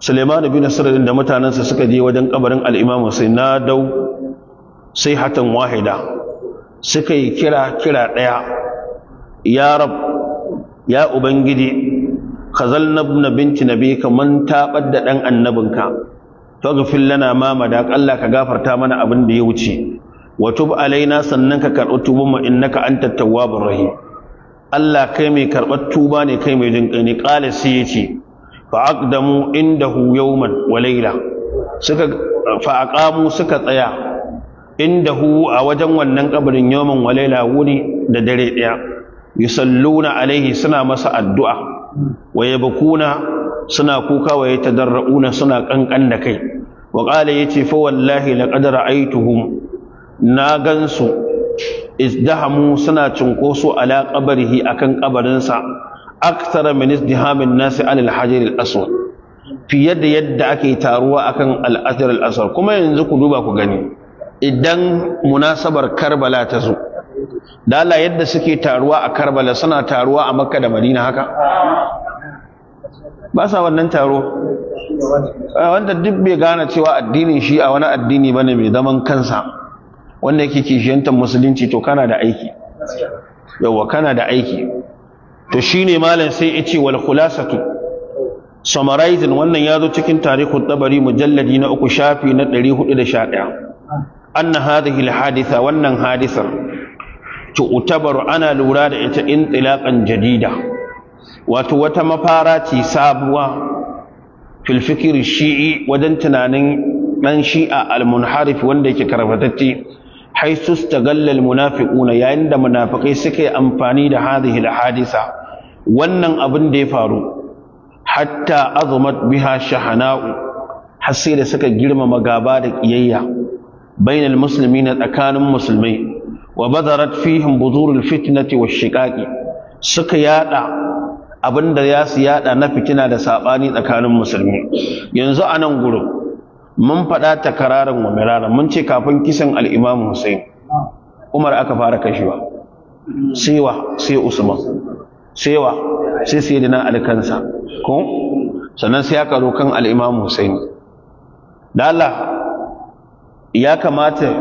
sulaiman bin sirrin da mutanansa suka je wajen kabarin al-imam husayn na dau sai hatan wahida suka yi kira kira daya ya rab ya ubangiji kazalna ibn binti nabika man tabar da dan annabinka to gafil lana ma madak Allah ka gafarta mana abin da ya wuce wa alaina sannan ka karɓi tuban mu innaka antat tawwabur rahim Allah kai mai karɓar tuba ne kai mai jin ne qala sai yace fa aqdamu indahu yawman wa layla suka fa aqamu suka tsaya indahu a wajen wannan kabarin yawman wa layla wuri da dare daya yusalluna alaihi suna masa addu'a wa yabkuna suna kuka wa yatadarrauna suna kankan da kai wa qala yace fa wallahi laqad ra'aytuhum na gansu izdahamu suna cinkoso ala qabrihi akan kabarinsa akthara min izdihamin nasi alal hajar al-aswad fiye da yadda ake taruwa akan al-hajar al-aswad kuma yanzu ku duba ku gani idan munasabar Karbala ta zo da Allah yadda suke taruwa a Karbala suna taruwa a Makka da Madina haka ba sa wannan taro wanda duk bai gane cewa addinin shi a wani addini bane mai zaman kansa wanda yake kishiyantar musulunci to kana da aiki Yauwa kana da aiki to shine malam sai ya ce wal khulasatu summarizing wannan ya zo cikin Tarikun tabari mujalladi na uku shafi na 411 anna hadhihi al wannan hadisar to utabaru ana lura da ita intilaqan jadida wato wata mafara ce sabuwa fil fikr shi'i wajen tunanin dan shi'a al munharif wanda yake karfatacce haisu gallal munafiquna yayin da munafikai suka yi amfani da hadhihi hadisa wannan abin da ya faru hatta azumar biha shahana'u har sai da suka girmama gaba da kiyayya bainal muslimina tsakanin musulmai wa badarat fihim buzurul fitnati washiqaqi suka yada abin da ya su yada na fitina da saɓani tsakanin musulmi yanzu anan nan mun faɗa ta kararin wa miraran mun ce kafin kisan al'imamu Hussein Umar aka fara kashewa sewa sai Usman sewa sai sai dina alkansa ko sannan sai aka zo kan al'imamu Hussein da Allah ya kamata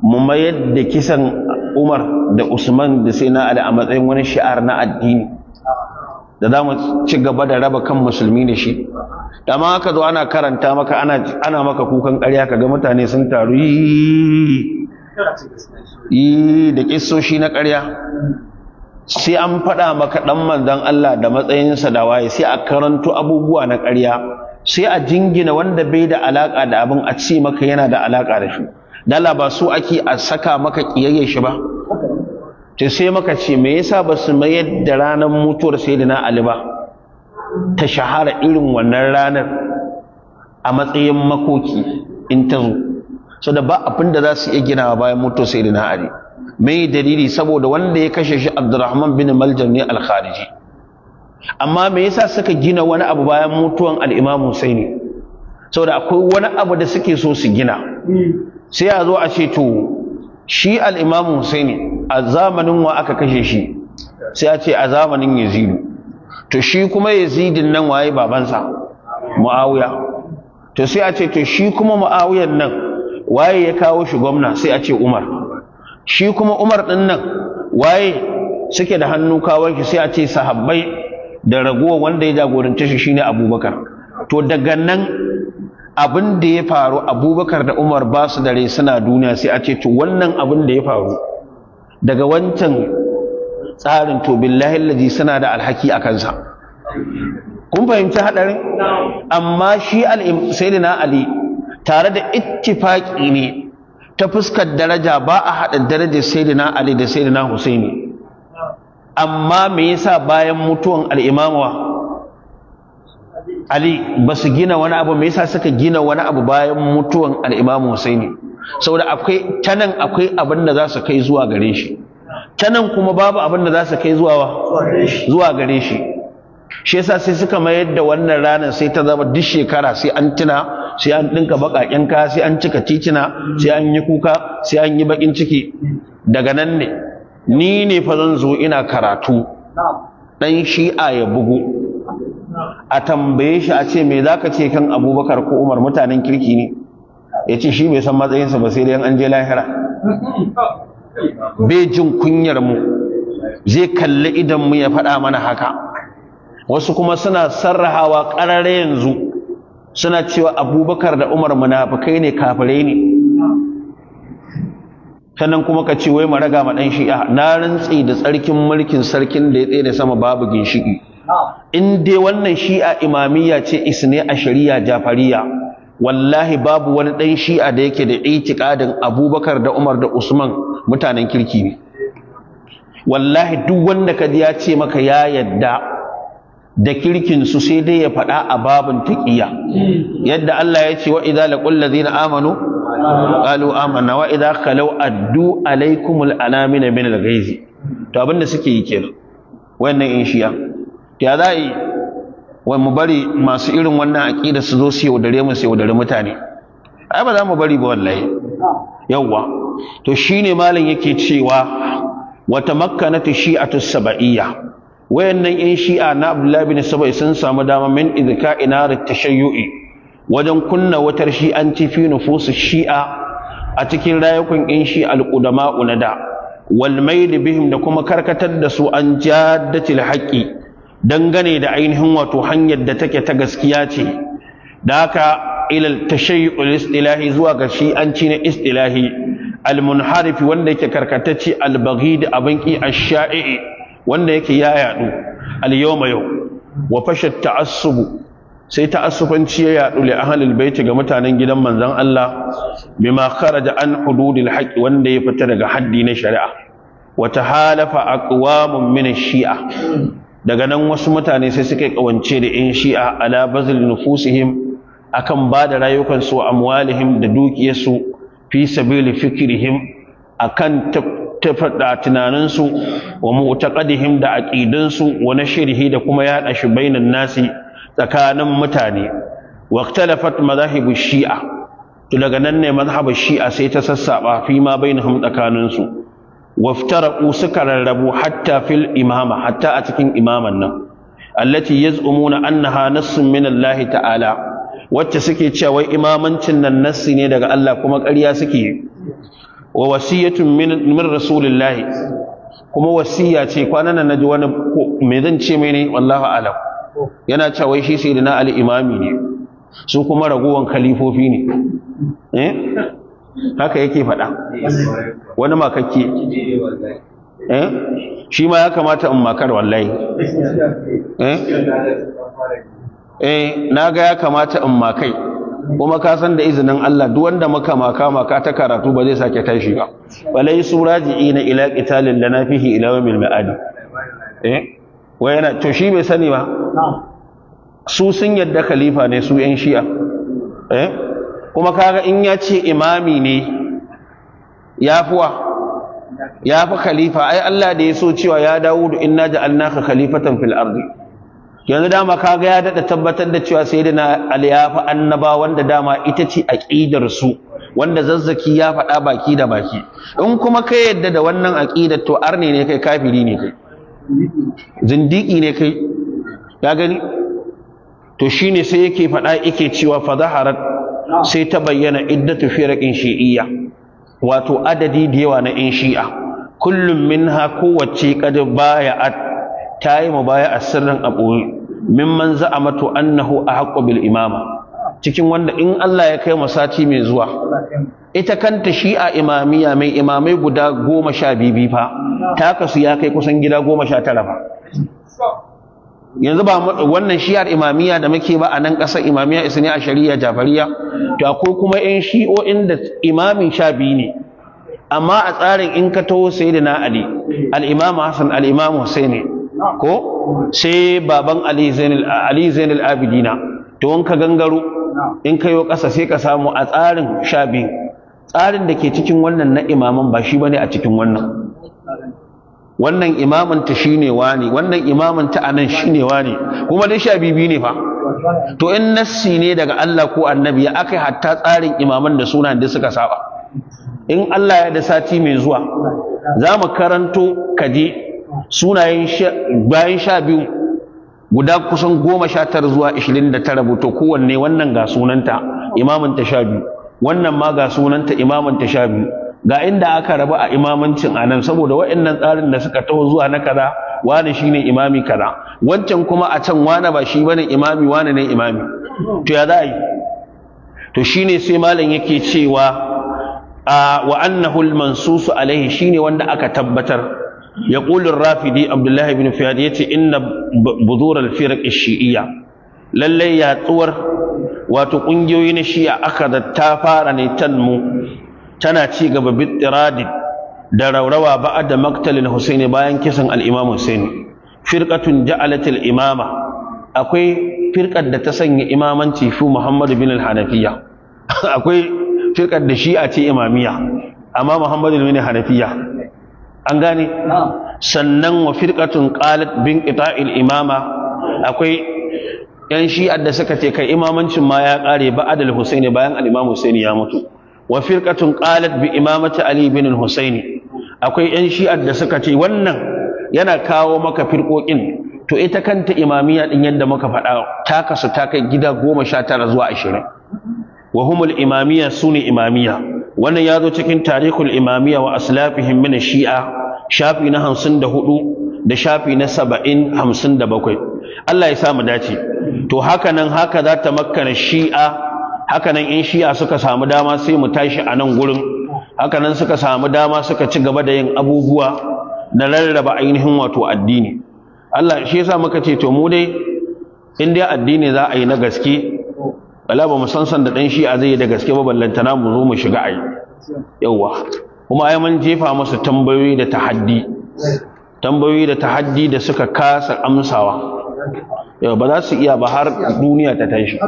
mu mayar da kisan Umar da Usman da sai na Ali a matsayin wani shi'ar na addini da za mu ci gaba da raba kan musulmi da shi da ma aka zo ana karanta maka ana maka kukan ƙarya ka ga mutane sun taru yi da ƙisoshi na ƙarya sai an faɗa maka ɗan manzan Allah da matsayinsa da waye sai a karanto abubuwa na ƙarya sai a jingina wanda bai da alaƙa da abin a ce maka yana da alaƙa da shi dala ba su ake a saka maka ƙiyayye shi ba to sai maka ce me yasa ba su mayar da ranar mutuwar sayyidina ali ba ta shahara irin wannan ranar a matsayin makoki in ta zo so da ba abin da za su iya ginawa bayan mutuwar sayyidina ali mai dalili saboda wanda ya kashe shi abdurrahman bin maljan ne al-khariji amma me yasa suka gina wani abu bayan mutuwan al-imam husaini saboda akwai wani abu da suke so su gina hmm. sai a zo a ce to shi al'imamu ne a zamanin wa aka kashe shi sai a ce a zamanin yazidu to shi kuma yazidin nan waye babansa ma'awuya to sai a ce to shi kuma ma'awuyan nan waye ya kawo shi gwamna sai a ce umar shi kuma umar ɗin nan waye suke da hannu kawon shi sai a ce sahabbai da raguwa wanda ya jagorance shi shine abubakar to daga nan abin da ya faru abubakar da umar ba su dare suna duniya sai a ce to wannan abin da ya faru daga wancan tsarin to billahi lazi suna da alhaki a kansa kun fahimci haɗarin amma shi sayyidina ali tare da ittifaki ne ta fuskar daraja ba a haɗa daraja sayyidina ali da sayyidina husaini amma me yasa bayan mutuwan al'imamuwa? ali ba su gina wani abu me yasa suka gina wani abu bayan mutuwan al-imamu husaini saboda akwai tanan akwai abin da za su kai zuwa gare shi tanan kuma babu abin da za su kai zuwa zuwa gare shi shi yasa sai suka mayar da wannan ranar sai ta zama duk shekara sai an tuna sai an dinka bakaken kaya sai an cika titina sai an yi kuka sai an yi bakin ciki daga nan ne ni ne fa zan zo ina karatu dan shi'a ya bugu a tambaye shi a ce me ka ce kan abubakar ko umar mutanen kirki ne ya ce shi bai san matsayinsa ba sai dai an je lahira bai kunyar mu zai kalli idan mu ya faɗa mana haka wasu kuma suna sarrahawa ƙarare yanzu suna cewa abubakar da umar munafukai ne kafirai ne sannan kuma ka ce wai maraga ma ɗan shi'a na rantsi da tsarkin mulkin sarkin da ya tsaye da sama babu ginshiƙi in dai wannan shi'a imamiyya ce isne a shari'a jafariya wallahi babu wani ɗan shi'a da yake da itiqadin abubakar da umar da usman mutanen kirki ne wallahi duk wanda ka ya ce maka ya yadda da kirkin su sai dai ya faɗa a babin taƙiya yadda Allah ya ce wa idza laqul ladina amanu qalu amanna wa idza khalu addu alaikumul anamina min al to abinda suke yi kenan wannan in shi'a ya za a yi wa mu bari masu irin wannan aƙida su zo su yaudare mu su yaudare mutane ai ba za mu bari ba wallahi yawwa to shi ne malam yake cewa wa tamakkanat shi'atu sab'iyya wayannan yan shi'a na Abdullahi bin Sabai sun samu dama min da inar tashayyu'i wajen kunna watar shi'anci fi nufus shi'a a cikin rayukan yan shi al da wal da bihim da kuma karkatar da su an jaddatil haqqi dangane da ainihin wato hanyar da take ta gaskiya ce da haka ilal tashayyu'ul istilahi zuwa ga shi an ci na istilahi Almunharifi, wanda yake karkatacce albaghid abin ki ash-sha'i wanda yake ya yadu al-yawma yau wa fashat ta'assub sai ta'assufanci ya yadu li ahlil bait ga mutanen gidan manzon Allah bima kharaja an hududil haqq wanda ya fita daga haddi na shari'a wa tahalafa aqwamun min ash-shi'a daga nan wasu mutane sai suka kawance da yan shi'a ala bazil nufusihim akan ba da rayukansu wa amwalihim da dukiyarsu fi sabili fikirihim akan tafaɗa tunaninsu wa mu'taqadihim da aqidansu wa nashrihi da kuma yaɗa shi bainan nasi tsakanin mutane waqtalafat madhahibu shi'a to daga nan ne madhhabu shi'a sai ta sassaba fi ma bainahum tsakaninsu waftaraku suka rarrabu hatta fil imama hatta a cikin imaman nan allati yaz'umuna annaha nassun min Allah ta'ala wacce suke cewa wai imamancin nan nassi ne daga Allah kuma ƙarya suke wa wasiyatun min rasulillahi kuma wasiya ce kwanan nan naji wani me zan ce mai ne wallahi alam yana cewa shi sayyidina ali imami ne su kuma ragowan khalifofi ne eh haka yake faɗa wani makakke eh shi ma ya kamata in makar wallahi eh eh naga ya kamata in makai kuma ka san da izinin Allah duk wanda muka maka maka ta karatu ba zai sake tashi ba balai suraji'ina ila qitalin lana fihi ila yawmil ma'ad eh wai yana to shi bai sani ba su sun yadda khalifa ne su yan shi'a eh kuma kaga in ya ce imami ne ya fuwa ya fi khalifa ai Allah da ya so cewa ya dawo da inna annaka khalifatan fil ardi yanzu dama kaga ya dada tabbatar da cewa sayyidina ali ya fi annaba wanda dama ita ce aqidar su wanda zazzaki ya faɗa baki da baki in kuma kai yadda da wannan aqidar to arne ne kai kafiri ne kai zindiki ne kai ya gani to shine sai yake faɗa yake cewa fa zaharat sai ta bayyana iddatu firaqin shi'iyya wato adadi da yawa na in shi'a kullum minha kowace qad ma tayi a sirran aboyi a za'amatu annahu ahqqu bil imama cikin wanda in Allah ya kai masati mai zuwa ita kanta shi'a imamiya mai imamai guda goma sha bibi fa ta kasu ya kai kusan gida goma sha tara fa yanzu ba wannan shiyar imamiyya da muke ba a nan ƙasar imamiyya shari'a shari'a jafariya to akwai kuma yan shi'o'in da imamin sha biyu ne amma a tsarin in ka taho da ali al-imamu Hassan, al-imamu ne, ko sai baban ali zainal ali zainul abidina to in ka gangaro in ƙasa sai ka samu a tsarin sha biyu tsarin da ke cikin wannan na imaman ba shi bane a cikin wannan wannan imamin ta ne wani wannan imamin ta anan wa wani kuma dai sha biyu ne fa to in nassi ne daga Allah ko annabi ya aka hatta tsarin imaman da sunan da suka saba in Allah ya da sati mai zuwa za mu karanto kaje sunayen bayan sha biyu guda kusan goma sha tara zuwa ishirin da tara to kowanne wannan ga sunanta imamin ta sha biyu wannan ma ga sunanta imamin ta sha biyu ga inda aka rabu a imamancin anan saboda waɗannan tsarin da suka taho zuwa na kaza wani shine imami kaza wancan kuma a can wani ba shi bane imami wani ne imami to ya za a yi to shine sai malam yake cewa wa annahu al-mansus alaihi shine wanda aka tabbatar يقول الرافدي عبد الله بن فؤاد يتي ان بذور Lallai, yatsuwar wato ƙungiyoyi na واتو قنجوي ta fara ne can mu. tana ci gaba bittiradid da raurawa ba'ad da maktalin husaini bayan kisan al-imam husaini firqatun ja'alat imama akwai firqar da ta sanya imamanci fi muhammad bin al-hanafiya akwai firqar da shi'a ce imamiya amma muhammad bin al-hanafiya an gane sannan wa firqatun qalat bin qita'il imama akwai yan shi'ar da suka ce kai imamancin ma ya kare ba'ad al-husaini bayan al-imam husaini ya mutu wa firqatun qalat bi imamati ali bin husaini akwai yan shi'ar da suka ce wannan yana kawo maka firqoqin to ita kanta imamiya din yadda muka faɗa ta kasu ta kai gida goma sha tara zuwa ashirin wa humul imamiya su ne imamiya wannan ya zo cikin tarihul imamiya wa aslafihim min shi'a shafi na hamsin da hudu da shafi na saba'in hamsin da bakwai Allah ya sa mu dace to haka nan haka za ta makkana shi'a hakanan in shi'a suka samu dama sai mu tashi a nan gurin hakanan suka samu dama suka ci gaba da yin abubuwa na rarraba ainihin wato addini Allah shi yasa muka ce to mu dai in dai addini za a yi na gaske bala ba mu san san da dan shi'a zai yi da gaske ba na mu zo mu shiga ai yawa kuma ai mun jefa musu tambayoyi da tahaddi tambayoyi da tahaddi da suka kasa amsawa yau ba za su iya ba har duniya ta tashi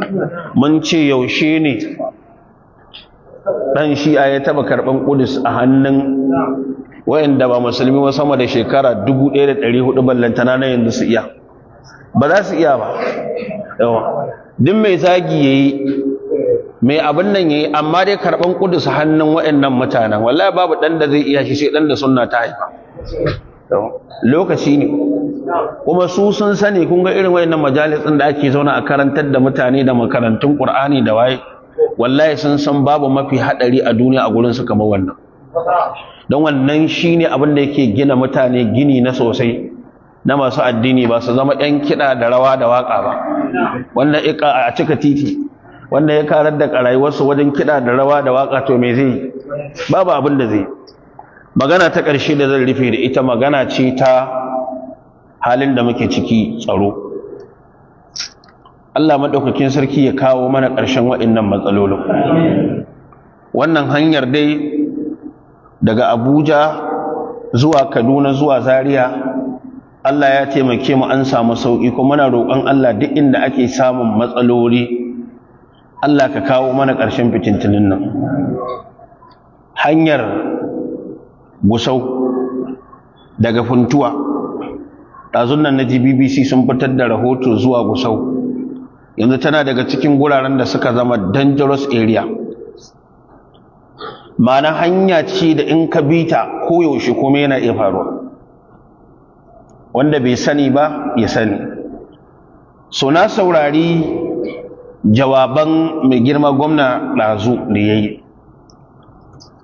mun ce yaushe ne ɗan shi'a ya taɓa karɓan ƙudus a hannun wayanda ba musulmi ba sama da shekara 1400 ballantana na yanzu su iya ba za su iya ba yawa duk mai zagi yayi mai abin nan yayi amma dai karban kudus hannun wayannan mutanen wallahi babu dan da zai iya shi sai dan da sunna ta haifa lokaci ne kuma su sun sani kun ga irin wayannan majalisin da ake zauna a karantar da mutane da makarantun Qur'ani da waye wallahi sun san babu mafi hadari a duniya a gurin su kamar wannan don wannan shine abin da yake gina mutane gini na sosai na masu addini ba su zama yan kiɗa da rawa da waka ba Wannan ika a cika titi wanda ya karar da rayuwarsu wajen kiɗa da rawa da waka to me zai babu abin da zai magana ta ƙarshe da zan rufe da ita magana ce ta halin da muke ciki tsaro Allah maɗaukakin sarki ya kawo mana ƙarshen waɗannan matsalolin wannan hanyar dai daga abuja zuwa kaduna zuwa zaria Allah ya taimake mu an samu sauƙi kuma muna roƙon Allah duk inda ake samun matsaloli Allah ka kawo mana ƙarshen fitintunin nan hanyar gusau daga funtuwa ɗazun nan na gbbc sun fitar da rahoto zuwa gusau yanzu tana daga cikin guraren da suka zama dangerous area ma'ana hanya ce da in ka bi ta koyaushe kuma yana iya faruwa wanda bai sani ba ya sani so na saurari jawaban mai girma gwamna ɗazu da ya yi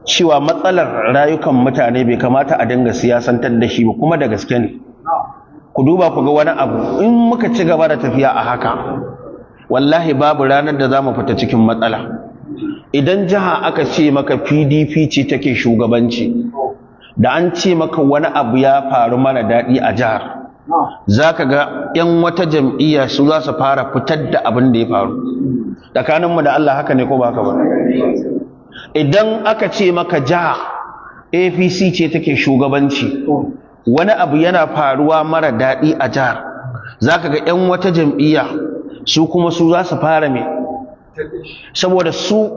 cewa matsalar rayukan mutane bai kamata a dinga siyasantar da shi ba kuma da gaske ne ku duba ku ga wani abu in muka ci gaba da tafiya a haka wallahi babu ranar da za mu fita cikin matsala idan jiha aka ce maka pdp ce take shugabanci da an ce maka wani abu ya faru mara daɗi a jihar za ka ga 'yan wata jam'iyya su za su fara fitar da abin da ya faru tsakaninmu da Allah haka ne ko ba ka ba idan aka ce maka jiha apc ce take shugabanci wani abu yana faruwa mara daɗi a jihar za ka ga 'yan wata jam'iyya su kuma su za su fara mai saboda su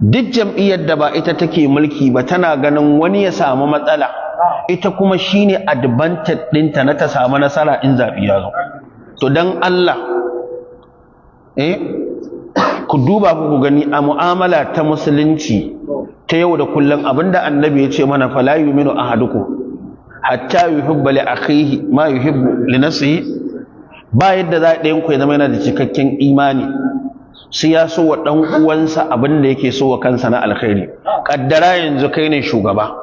duk jam'iyyar da ba ita take mulki ba tana ganin wani ya samu matsala ita kuma shine ne ɗinta na ta samu nasara in zaɓi ya zo to don Allah eh ku duba ku gani a mu'amala ta musulunci ta yau da kullum abinda annabi ya ce mana fala yu'minu ahadukum hatta yuhibba li akhihi ma yuhibbu li nafsihi ba yadda za ɗayan ku ya zama yana da cikakken imani sai ya so wa ɗan uwansa abin da yake so wa kansa na alkhairi kaddara yanzu kai ne shugaba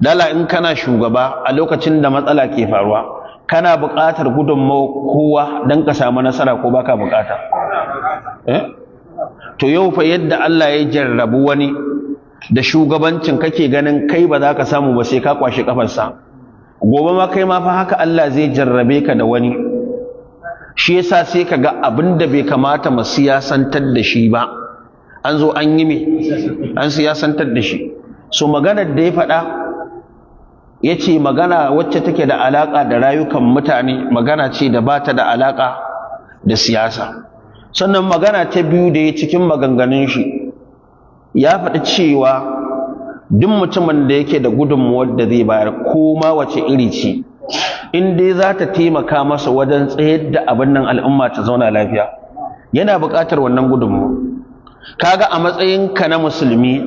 dala in kana shugaba a lokacin da matsala ke faruwa kana buƙatar gudunmawa kowa don ka samu nasara ko baka buƙata eh? to yau fa yadda Allah ya jarrabu wani da shugabancin kake ganin kai ba za ka samu ba sai ka kwashe kafarsa gobe ma kai ma fa haka Allah zai jarrabe ka da wani shi yasa sai ka ga abin da bai kamata mu siyasantar da shi ba an zo an yi me an siyasantar da shi so maganar da ya faɗa ya ce magana wacce take da alaƙa da rayukan mutane magana ce da bata da alaƙa da siyasa sannan magana ta biyu da ya cikin maganganun shi ya faɗi cewa duk mutumin da yake da gudunmuwar da zai bayar ko ma wace iri ce in dai za ta taimaka masa wajen tsayar da abin nan al'umma ta zauna lafiya yana buƙatar wannan gudunmu kaga a matsayinka na musulmi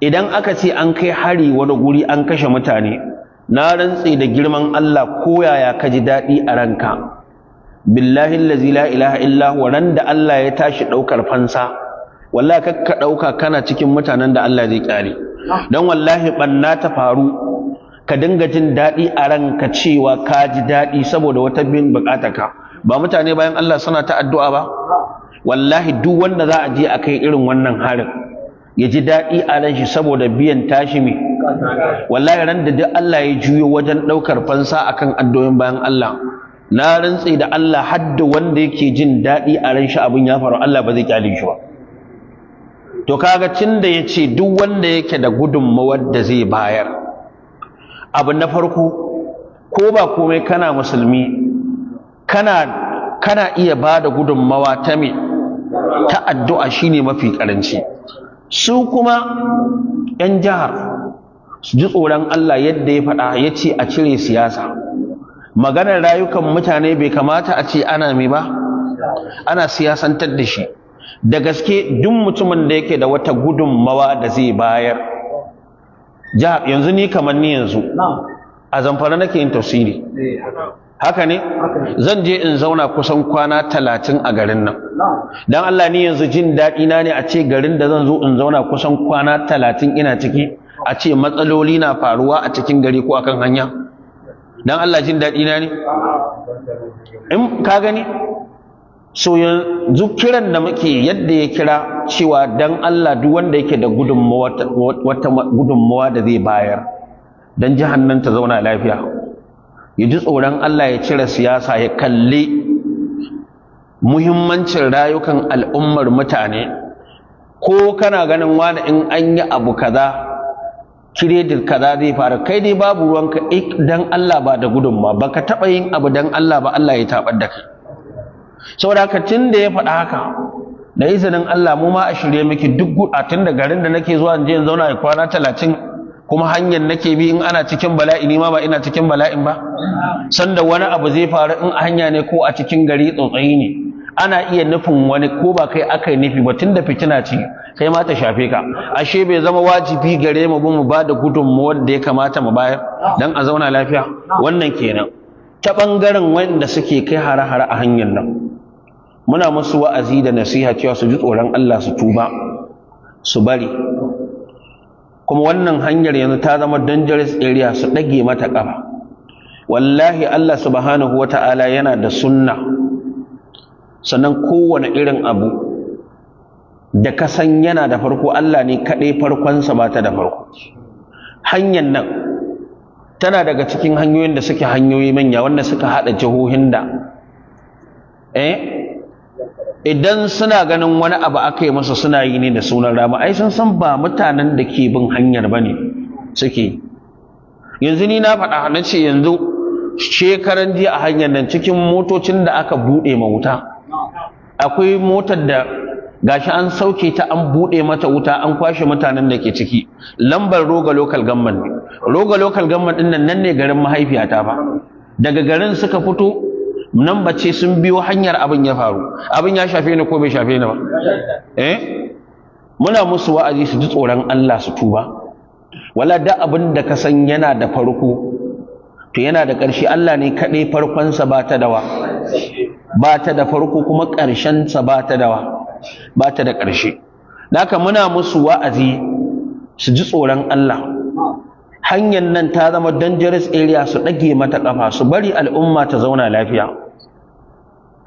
idan aka ce an kai hari wani guri an kashe mutane na rantse da girman Allah ko yaya ka ji daɗi a ranka billahi allazi la ilaha illa huwa ran da Allah ya tashi ɗaukar fansa wallahi ka ɗauka kana cikin mutanen da Allah zai ƙyale don wallahi ɓanna ta faru ka dinga jin daɗi a ranka cewa ka ji daɗi saboda wata bin ka. ba mutane bayan Allah suna ta addu'a ba wallahi duk wanda za a je a kai irin wannan harin ya ji daɗi a ran shi saboda biyan tashi mai wallahi ran da duk Allah ya juyo wajen ɗaukar fansa akan addu'o'in bayan Allah na rantse da Allah hadda wanda yake jin daɗi a ran shi abin ya faru Allah ba zai kyale shi ba to kaga cin da ya ce duk wanda yake da gudunmawar da zai bayar abu na farko ko ba komai kana musulmi kana iya ba da gudunmawa ta me ta addu'a shine mafi karanci su kuma 'yan jihar su ji tsoron Allah yadda ya faɗa ya ce a cire siyasa maganar rayukan mutane bai kamata a ce ana mai ba ana siyasantar da shi da gaske duk mutumin da yake da wata gudunmawa da zai bayar yanzu ni kamar ni yanzu a zamfara nake yin tafsiri haka ne zan je in zauna kusan kwana talatin a garin nan don Allah ni yanzu jin daɗi na ne a ce garin da zan zo in zauna kusan kwana talatin ina ciki a ce matsaloli na faruwa a cikin gari ko akan hanya don Allah jin daɗi na ne in ka gani so yanzu kiran da muke yadda ya kira cewa dan Allah duk wanda yake da gudunmawa da zai bayar dan jahannan ta zauna lafiya ya ji tsoron Allah ya cire siyasa ya kalli muhimmancin rayukan al'ummar mutane ko kana ganin wani in an yi abu kaza kiredit kaza zai fara kai dai babu ruwanka dan Allah ba da gudunmawa baka taba yin abu dan Allah ba Allah ya tabar da kai saboda haka tun da ya faɗa haka da izinin Allah mu ma a shirye miki duk guda tun da garin da nake zuwa in je in zauna kwana talatin kuma hanyar nake bi in ana cikin bala'i ni ma ba ina cikin bala'in ba sanda wani abu zai faru in a hanya ne ko a cikin gari tsotsayi ne ana iya nufin wani ko ba kai aka yi nufi ba tun da fitina ce kai ma ta shafe ka ashe bai zama wajibi gare mu mu ba da gudunmuwar da ya kamata mu bayar dan a zauna lafiya wannan kenan ta bangaren wanda suke kai hare-hare a hanyar nan muna musu wa'azi da nasiha cewa su ji tsoron Allah su tuba su bari kuma wannan hanyar yanzu ta zama dangerous area su ɗage mata ƙafa wallahi Allah subhanahu wa ta'ala yana da sunna sannan kowane irin abu da ka san yana da farko Allah ne kaɗai farkonsa ba ta da farko hanyar nan tana daga cikin hanyoyin da suke hanyoyi manya wanda suka haɗa jihohin da eh idan suna ganin wani abu aka yi masa suna yi ne da sunan rama ai sun san ba mutanen da ke bin hanyar ba ne suke yanzu ni na faɗa na ce yanzu shekaran jiya a hanyar nan cikin motocin da aka buɗe ma wuta akwai motar da gashi an sauke ta an buɗe mata wuta an kwashe mutanen da ke ciki lambar roga local government roga local government ɗin nan ne garin mahaifiyata ba daga garin suka fito nan bace sun biyo hanyar abin ya faru abin ya shafe ni ko bai shafe ni ba eh muna musu wa'azi su ji tsoron Allah su tuba wala da abin da ka san yana da farko to yana da ƙarshe Allah ne kaɗai farkonsa ba ta dawa ba ta da farko kuma ƙarshensa ba ta dawa ba ta da ƙarshe naka muna musu wa'azi su ji tsoron Allah hanyar nan ta zama dangerous area su ɗage mata ƙafa su bari al'umma ta zauna lafiya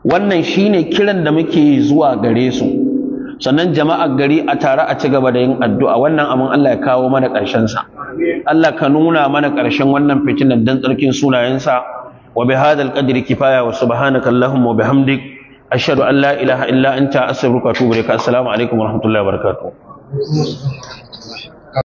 wannan shine kiran da muke zuwa gare su sannan jama'ar gari a tare a ci gaba da yin addu'a wannan abin Allah ya kawo mana ƙarshen sa Allah ka nuna mana ƙarshen wannan fitinar dan tsarkin sa. wa bihadal qadri kifaya wa subhanaka allahumma wa bihamdik ashhadu an la ilaha illa anta astaghfiruka wa atubu ilaik assalamu alaikum wa rahmatullahi wa barakatuh